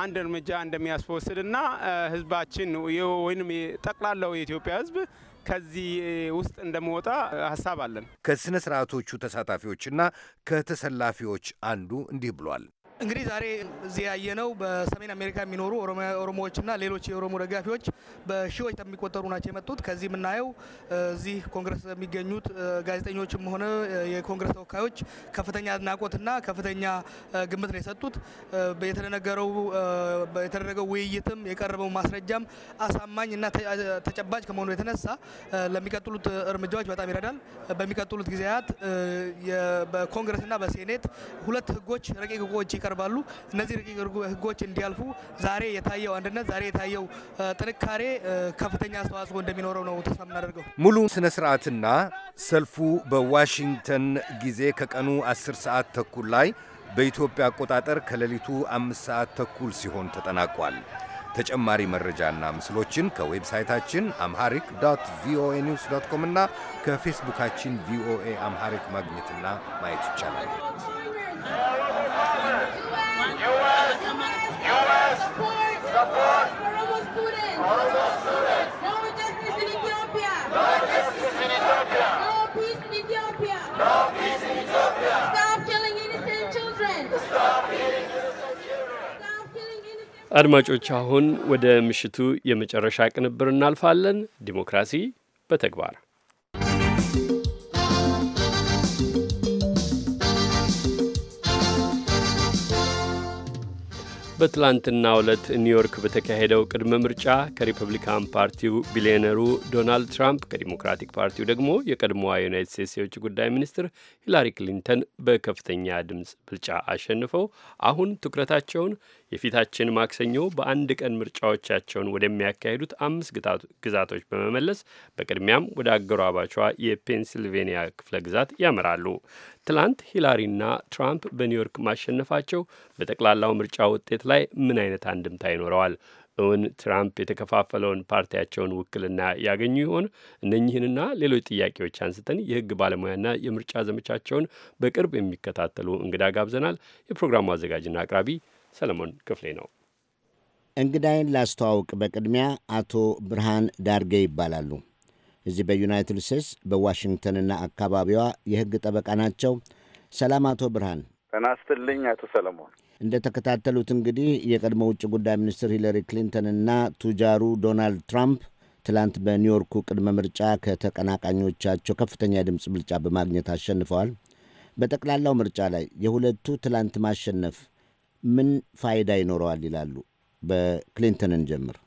B: አንድ እርምጃ እንደሚያስወስድና ህዝባችን ወይም ጠቅላላው የኢትዮጵያ ህዝብ ከዚህ ውስጥ እንደመወጣ ሀሳብ አለን።
F: ከስነ ስርዓቶቹ ተሳታፊዎችና ከተሰላፊዎች አንዱ እንዲህ ብሏል። እንግዲህ ዛሬ እዚህ ያየነው በሰሜን አሜሪካ የሚኖሩ ኦሮሞዎችና ሌሎች የኦሮሞ ደጋፊዎች በሺዎች የሚቆጠሩ ናቸው የመጡት። ከዚህ የምናየው እዚህ ኮንግረስ የሚገኙት ጋዜጠኞችም ሆነ የኮንግረስ ተወካዮች ከፍተኛ አድናቆትና ከፍተኛ ግምት ነው የሰጡት። የተደረገው ውይይትም የቀረበው ማስረጃም አሳማኝ እና ተጨባጭ ከመሆኑ የተነሳ ለሚቀጥሉት እርምጃዎች በጣም ይረዳል። በሚቀጥሉት ጊዜያት በኮንግረስና በሴኔት ሁለት ህጎች ረቂቅ ህጎች ያቀርባሉ። እነዚህ ረቂቅ ህጎች እንዲያልፉ ዛሬ የታየው አንድነት፣ ዛሬ የታየው ጥንካሬ ከፍተኛ አስተዋጽኦ እንደሚኖረው ነው ተስፋ የምናደርገው። ሙሉ ስነ ስርዓትና ሰልፉ በዋሽንግተን ጊዜ ከቀኑ 10 ሰዓት ተኩል ላይ በኢትዮጵያ አቆጣጠር ከሌሊቱ አምስት ሰዓት ተኩል ሲሆን ተጠናቋል። ተጨማሪ መረጃና ምስሎችን ከዌብሳይታችን አምሃሪክ ዶት ቪኦኤ ኒውስ ዶት ኮም እና ከፌስቡካችን ቪኦኤ አምሃሪክ ማግኘትና ማየት ይቻላል።
A: አድማጮች አሁን ወደ ምሽቱ የመጨረሻ ቅንብር እናልፋለን። ዲሞክራሲ በተግባር በትላንትና ዕለት ኒውዮርክ በተካሄደው ቅድመ ምርጫ ከሪፐብሊካን ፓርቲው ቢሊዮነሩ ዶናልድ ትራምፕ ከዲሞክራቲክ ፓርቲው ደግሞ የቀድሞዋ ዩናይት ስቴትስ የውጭ ጉዳይ ሚኒስትር ሂላሪ ክሊንተን በከፍተኛ ድምፅ ብልጫ አሸንፈው አሁን ትኩረታቸውን የፊታችን ማክሰኞ በአንድ ቀን ምርጫዎቻቸውን ወደሚያካሂዱት አምስት ግዛቶች በመመለስ በቅድሚያም ወደ አጎራባቿ የፔንሲልቬኒያ ክፍለ ግዛት ያመራሉ። ትላንት ሂላሪና ትራምፕ በኒውዮርክ ማሸነፋቸው በጠቅላላው ምርጫ ውጤት ላይ ምን አይነት አንድምታ ይኖረዋል? እውን ትራምፕ የተከፋፈለውን ፓርቲያቸውን ውክልና ያገኙ ይሆን? እነኚህንና ሌሎች ጥያቄዎች አንስተን የሕግ ባለሙያና የምርጫ ዘመቻቸውን በቅርብ የሚከታተሉ እንግዳ ጋብዘናል። የፕሮግራሙ አዘጋጅና አቅራቢ ሰለሞን ክፍሌ ነው።
D: እንግዳይን ላስተዋውቅ። በቅድሚያ አቶ ብርሃን ዳርጌ ይባላሉ። እዚህ በዩናይትድ ስቴትስ በዋሽንግተንና አካባቢዋ የሕግ ጠበቃ ናቸው። ሰላም አቶ ብርሃን።
P: ጤና ይስጥልኝ አቶ ሰለሞን።
D: እንደተከታተሉት እንግዲህ የቀድሞ ውጭ ጉዳይ ሚኒስትር ሂለሪ ክሊንተንና ቱጃሩ ዶናልድ ትራምፕ ትላንት በኒውዮርኩ ቅድመ ምርጫ ከተቀናቃኞቻቸው ከፍተኛ የድምፅ ብልጫ በማግኘት አሸንፈዋል። በጠቅላላው ምርጫ ላይ የሁለቱ ትላንት ማሸነፍ ምን ፋይዳ ይኖረዋል ይላሉ? በክሊንተንን ጀምር።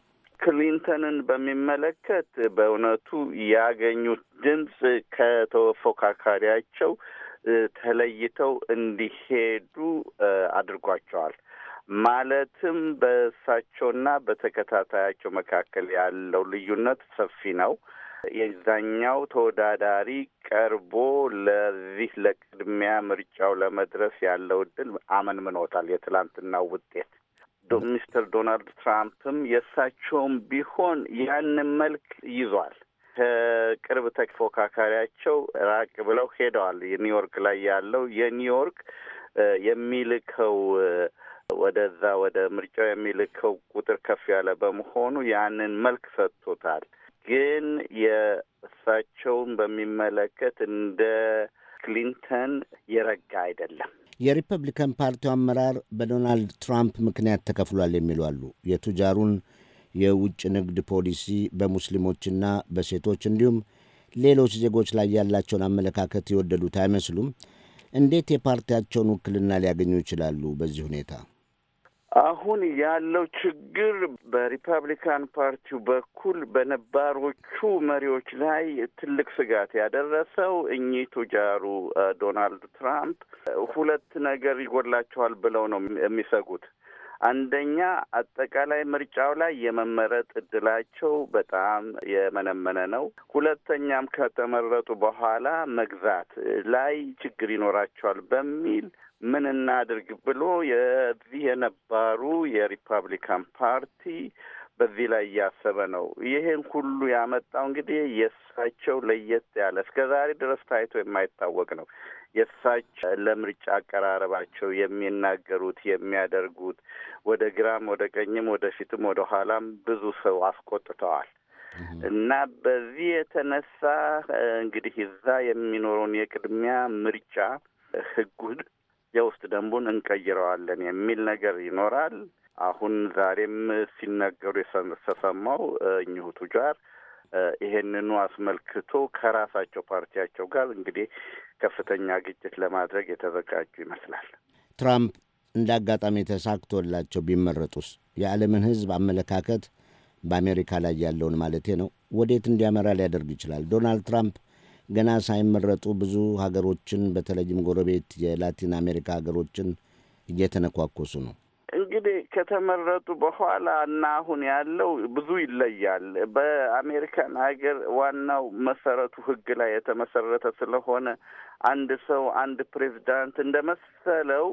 P: ክሊንተንን በሚመለከት በእውነቱ ያገኙት ድምፅ ከተፎካካሪያቸው ተለይተው እንዲሄዱ አድርጓቸዋል። ማለትም በእሳቸውና በተከታታያቸው መካከል ያለው ልዩነት ሰፊ ነው። የዛኛው ተወዳዳሪ ቀርቦ ለዚህ ለቅድሚያ ምርጫው ለመድረስ ያለው እድል አመን ምኖታል የትላንትናው ውጤት። ሚስተር ዶናልድ ትራምፕም የእሳቸውም ቢሆን ያንን መልክ ይዟል። ከቅርብ ተፎካካሪያቸው ራቅ ብለው ሄደዋል። የኒውዮርክ ላይ ያለው የኒውዮርክ የሚልከው ወደዛ ወደ ምርጫው የሚልከው ቁጥር ከፍ ያለ በመሆኑ ያንን መልክ ሰጥቶታል። ግን የእሳቸውን በሚመለከት እንደ ክሊንተን የረጋ አይደለም።
D: የሪፐብሊካን ፓርቲው አመራር በዶናልድ ትራምፕ ምክንያት ተከፍሏል የሚሉ አሉ። የቱጃሩን የውጭ ንግድ ፖሊሲ በሙስሊሞችና በሴቶች እንዲሁም ሌሎች ዜጎች ላይ ያላቸውን አመለካከት የወደዱት አይመስሉም። እንዴት የፓርቲያቸውን ውክልና ሊያገኙ ይችላሉ? በዚህ ሁኔታ
P: አሁን ያለው ችግር በሪፐብሊካን ፓርቲው በኩል በነባሮቹ መሪዎች ላይ ትልቅ ስጋት ያደረሰው እኚህ ቱጃሩ ዶናልድ ትራምፕ ሁለት ነገር ይጎላቸዋል ብለው ነው የሚሰጉት። አንደኛ አጠቃላይ ምርጫው ላይ የመመረጥ እድላቸው በጣም የመነመነ ነው። ሁለተኛም ከተመረጡ በኋላ መግዛት ላይ ችግር ይኖራቸዋል በሚል ምን እናድርግ ብሎ የዚህ የነባሩ የሪፐብሊካን ፓርቲ በዚህ ላይ እያሰበ ነው። ይሄን ሁሉ ያመጣው እንግዲህ የእሳቸው ለየት ያለ እስከ ዛሬ ድረስ ታይቶ የማይታወቅ ነው። የእሳቸው ለምርጫ አቀራረባቸው የሚናገሩት የሚያደርጉት፣ ወደ ግራም ወደ ቀኝም ወደ ፊትም ወደ ኋላም ብዙ ሰው አስቆጥተዋል። እና በዚህ የተነሳ እንግዲህ እዛ የሚኖረውን የቅድሚያ ምርጫ ህጉን የውስጥ ደንቡን እንቀይረዋለን የሚል ነገር ይኖራል። አሁን ዛሬም ሲነገሩ የተሰማው እኚሁ ቱጃር ይሄንኑ አስመልክቶ ከራሳቸው ፓርቲያቸው ጋር እንግዲህ ከፍተኛ ግጭት ለማድረግ የተዘጋጁ ይመስላል።
D: ትራምፕ እንደ አጋጣሚ ተሳክቶላቸው ቢመረጡስ የዓለምን ሕዝብ አመለካከት በአሜሪካ ላይ ያለውን ማለቴ ነው ወዴት እንዲያመራ ሊያደርግ ይችላል? ዶናልድ ትራምፕ ገና ሳይመረጡ ብዙ ሀገሮችን በተለይም ጎረቤት የላቲን አሜሪካ ሀገሮችን እየተነኳኮሱ ነው።
P: እንግዲህ ከተመረጡ በኋላ እና አሁን ያለው ብዙ ይለያል። በአሜሪካን ሀገር ዋናው መሰረቱ ህግ ላይ የተመሰረተ ስለሆነ አንድ ሰው አንድ ፕሬዚዳንት እንደመሰለው።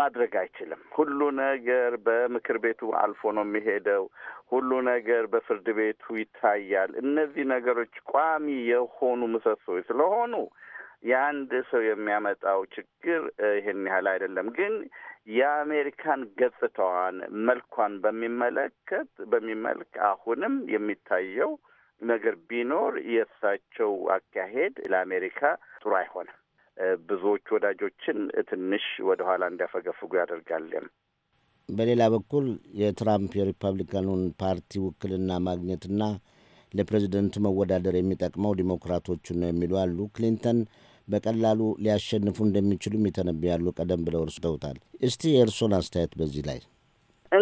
P: ማድረግ አይችልም። ሁሉ ነገር በምክር ቤቱ አልፎ ነው የሚሄደው። ሁሉ ነገር በፍርድ ቤቱ ይታያል። እነዚህ ነገሮች ቋሚ የሆኑ ምሰሶች ስለሆኑ የአንድ ሰው የሚያመጣው ችግር ይህን ያህል አይደለም። ግን የአሜሪካን ገጽታዋን መልኳን በሚመለከት በሚመልክ አሁንም የሚታየው ነገር ቢኖር የእሳቸው አካሄድ ለአሜሪካ ጥሩ አይሆንም። ብዙዎቹ ወዳጆችን ትንሽ ወደኋላ እንዲያፈገፍጉ ያደርጋል።
D: በሌላ በኩል የትራምፕ የሪፐብሊካኑን ፓርቲ ውክልና ማግኘትና ለፕሬዚደንቱ መወዳደር የሚጠቅመው ዲሞክራቶቹን ነው የሚሉ አሉ። ክሊንተን በቀላሉ ሊያሸንፉ እንደሚችሉም ይተነብያሉ። ቀደም ብለው እርሱ ደውታል። እስቲ የእርሶን አስተያየት በዚህ ላይ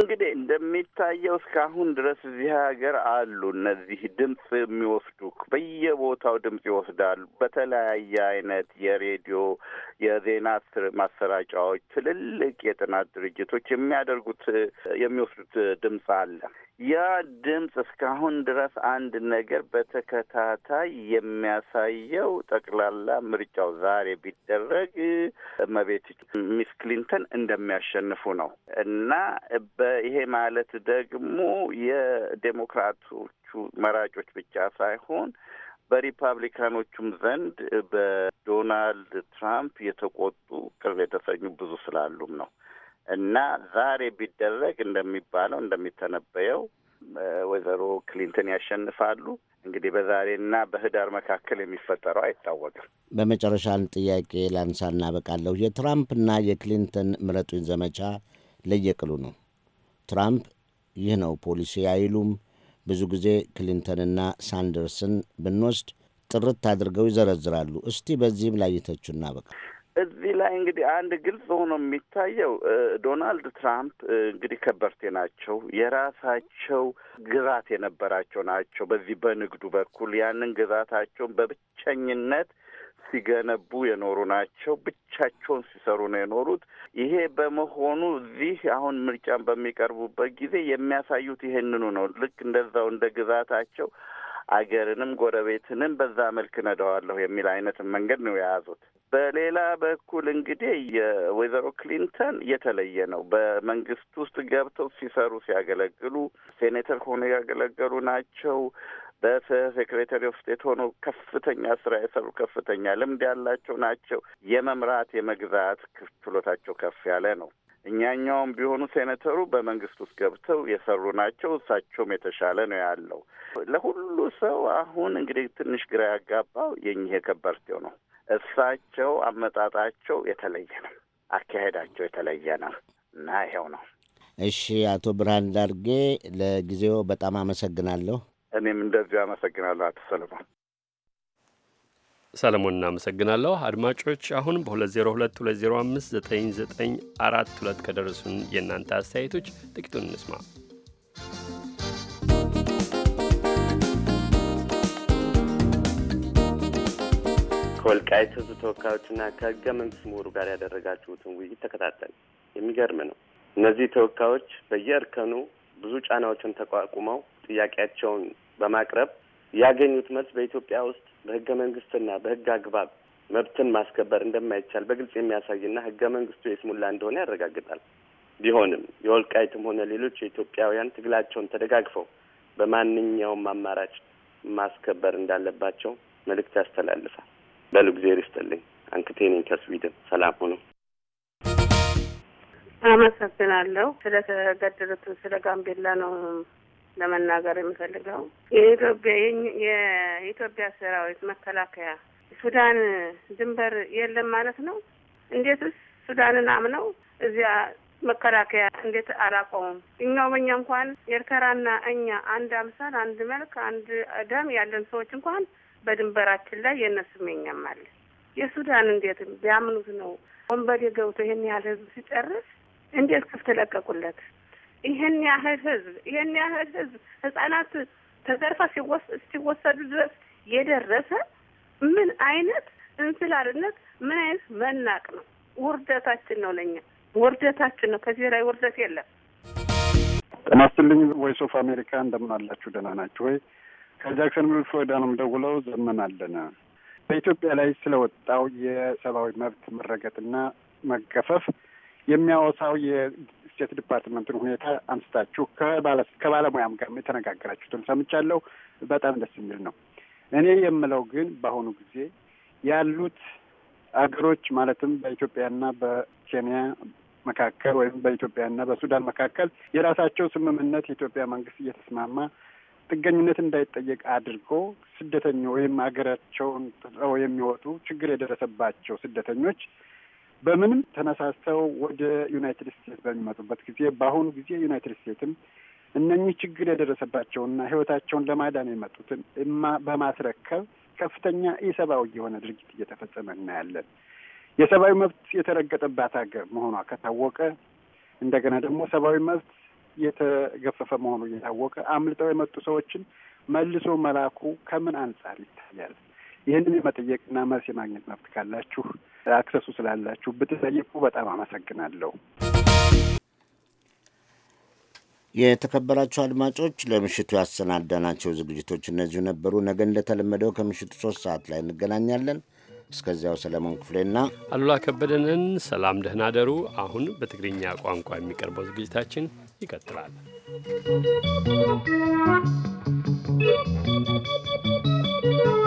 P: እንግዲህ እንደሚታየው እስካሁን ድረስ እዚህ ሀገር አሉ። እነዚህ ድምፅ የሚወስዱ በየቦታው ድምፅ ይወስዳሉ። በተለያየ አይነት የሬዲዮ የዜና ማሰራጫዎች፣ ትልልቅ የጥናት ድርጅቶች የሚያደርጉት የሚወስዱት ድምፅ አለ። ያ ድምፅ እስካሁን ድረስ አንድ ነገር በተከታታይ የሚያሳየው ጠቅላላ ምርጫው ዛሬ ቢደረግ እመቤት ሚስ ክሊንተን እንደሚያሸንፉ ነው እና በይሄ ማለት ደግሞ የዴሞክራቶቹ መራጮች ብቻ ሳይሆን በሪፐብሊካኖቹም ዘንድ በዶናልድ ትራምፕ የተቆጡ ቅር የተሰኙ ብዙ ስላሉም ነው። እና ዛሬ ቢደረግ እንደሚባለው እንደሚተነበየው ወይዘሮ ክሊንተን ያሸንፋሉ። እንግዲህ በዛሬና በህዳር መካከል የሚፈጠረው አይታወቅም።
D: በመጨረሻ አንድ ጥያቄ ላንሳና አበቃለሁ። የትራምፕና የክሊንተን ምረጡኝ ዘመቻ ለየቅሉ ነው። ትራምፕ ይህ ነው ፖሊሲ አይሉም። ብዙ ጊዜ ክሊንተንና ሳንደርስን ብንወስድ ጥርት አድርገው ይዘረዝራሉ። እስቲ በዚህም ላይ ይተቹና በቃ
P: እዚህ ላይ እንግዲህ አንድ ግልጽ ሆኖ የሚታየው ዶናልድ ትራምፕ እንግዲህ ከበርቴ ናቸው። የራሳቸው ግዛት የነበራቸው ናቸው። በዚህ በንግዱ በኩል ያንን ግዛታቸውን በብቸኝነት ሲገነቡ የኖሩ ናቸው። ብቻቸውን ሲሰሩ ነው የኖሩት። ይሄ በመሆኑ እዚህ አሁን ምርጫን በሚቀርቡበት ጊዜ የሚያሳዩት ይህንኑ ነው። ልክ እንደዛው እንደ ግዛታቸው አገርንም ጎረቤትንም በዛ መልክ ነደዋለሁ የሚል አይነት መንገድ ነው የያዙት። በሌላ በኩል እንግዲህ የወይዘሮ ክሊንተን የተለየ ነው። በመንግስት ውስጥ ገብተው ሲሰሩ ሲያገለግሉ ሴኔተር ሆነው ያገለገሉ ናቸው። በሴክሬታሪ ኦፍ ስቴት ሆኖ ከፍተኛ ስራ የሰሩ ከፍተኛ ልምድ ያላቸው ናቸው። የመምራት የመግዛት ችሎታቸው ከፍ ያለ ነው። እኛኛውም ቢሆኑ ሴኔተሩ በመንግስት ውስጥ ገብተው የሰሩ ናቸው። እሳቸውም የተሻለ ነው ያለው። ለሁሉ ሰው አሁን እንግዲህ ትንሽ ግራ ያጋባው የኚህ የከበርቴው ነው። እሳቸው አመጣጣቸው የተለየ ነው። አካሄዳቸው የተለየ ነው እና ይኸው ነው።
D: እሺ አቶ ብርሃን ዳርጌ ለጊዜው በጣም አመሰግናለሁ።
P: እኔም እንደዚሁ አመሰግናለሁ አቶ ሰለሞን።
A: ሰለሞን እናመሰግናለሁ። አድማጮች አሁን በ2022059942 ከደረሱን የእናንተ አስተያየቶች ጥቂቱን እንስማ።
P: ከወልቃይት ሕዝብ ተወካዮችና ከህገ መንግስት ምሁሩ ጋር ያደረጋችሁትን ውይይት ተከታተል። የሚገርም ነው። እነዚህ ተወካዮች በየእርከኑ ብዙ ጫናዎችን ተቋቁመው ጥያቄያቸውን በማቅረብ ያገኙት መልስ በኢትዮጵያ ውስጥ በህገ መንግስትና በህግ አግባብ መብትን ማስከበር እንደማይቻል በግልጽ የሚያሳይና ህገ መንግስቱ የስሙላ እንደሆነ ያረጋግጣል። ቢሆንም የወልቃይትም ሆነ ሌሎች የኢትዮጵያውያን ትግላቸውን ተደጋግፈው በማንኛውም አማራጭ ማስከበር እንዳለባቸው መልእክት ያስተላልፋል። በሉ እግዜር ይስጥልኝ። አንክቴ ነኝ ከስዊድን። ሰላም ሁኑ።
Q: አመሰግናለሁ። ስለተገደሉት ስለ ጋምቤላ ነው ለመናገር የምፈልገው። የኢትዮጵያ የኢትዮጵያ ሰራዊት መከላከያ ሱዳን ድንበር የለም ማለት ነው። እንዴትስ ሱዳንን አምነው እዚያ መከላከያ እንዴት አላቆሙም? እኛው በኛ እንኳን ኤርትራና እኛ አንድ አምሳል፣ አንድ መልክ፣ አንድ ደም ያለን ሰዎች እንኳን በድንበራችን ላይ የእነሱም የኛም አለ። የሱዳን እንዴትም ቢያምኑት ነው ወንበዴ ገብቶ ይህን ያህል ህዝብ ሲጨርስ እንዴት ክፍት ለቀቁለት? ይህን ያህል ህዝብ ይህን ያህል ህዝብ ህጻናት ተዘርፋ ሲወሰዱ ድረስ የደረሰ ምን አይነት እንስላልነት፣ ምን አይነት መናቅ ነው? ውርደታችን ነው፣ ለኛ ውርደታችን ነው። ከዚህ ላይ ውርደት የለም።
K: ጤና ይስጥልኝ። ቮይስ ኦፍ አሜሪካ እንደምን አላችሁ? ደህና ናችሁ ወይ? ከጃክሰን ቪል ፍሎሪዳ ነው የምደውለው። ዘመን አለነ በኢትዮጵያ ላይ ስለወጣው የሰብአዊ መብት መረገጥና መገፈፍ የሚያወሳው የስቴት ዲፓርትመንትን ሁኔታ አንስታችሁ ከባለሙያም ጋር የተነጋገራችሁትን ሰምቻለሁ። በጣም ደስ የሚል ነው። እኔ የምለው ግን በአሁኑ ጊዜ ያሉት አገሮች ማለትም በኢትዮጵያና በኬንያ መካከል ወይም በኢትዮጵያና በሱዳን መካከል የራሳቸው ስምምነት የኢትዮጵያ መንግስት እየተስማማ ጥገኝነት እንዳይጠየቅ አድርጎ ስደተኞ ወይም ሀገራቸውን ጥለው የሚወጡ ችግር የደረሰባቸው ስደተኞች በምንም ተነሳስተው ወደ ዩናይትድ ስቴትስ በሚመጡበት ጊዜ በአሁኑ ጊዜ ዩናይትድ ስቴትስም እነኚህ ችግር የደረሰባቸውና ሕይወታቸውን ለማዳን የመጡትን በማስረከብ ከፍተኛ ኢሰብአዊ የሆነ ድርጊት እየተፈጸመ እናያለን። የሰብአዊ መብት የተረገጠባት ሀገር መሆኗ ከታወቀ እንደገና ደግሞ ሰብአዊ መብት የተገፈፈ መሆኑ እየታወቀ አምልጠው የመጡ ሰዎችን መልሶ መላኩ ከምን አንጻር ይታያል? ይህንን የመጠየቅና መልስ የማግኘት መብት ካላችሁ አክሰሱ ስላላችሁ ብትጠይቁ በጣም አመሰግናለሁ።
D: የተከበራችሁ አድማጮች ለምሽቱ ያሰናዳናቸው ዝግጅቶች እነዚሁ ነበሩ። ነገ እንደተለመደው ከምሽቱ ሶስት ሰዓት ላይ እንገናኛለን። እስከዚያው ሰለሞን ክፍሌና
A: አሉላ ከበደንን ሰላም፣ ደህና ደሩ። አሁን በትግርኛ ቋንቋ የሚቀርበው ዝግጅታችን ይቀጥላል።
H: Thank you.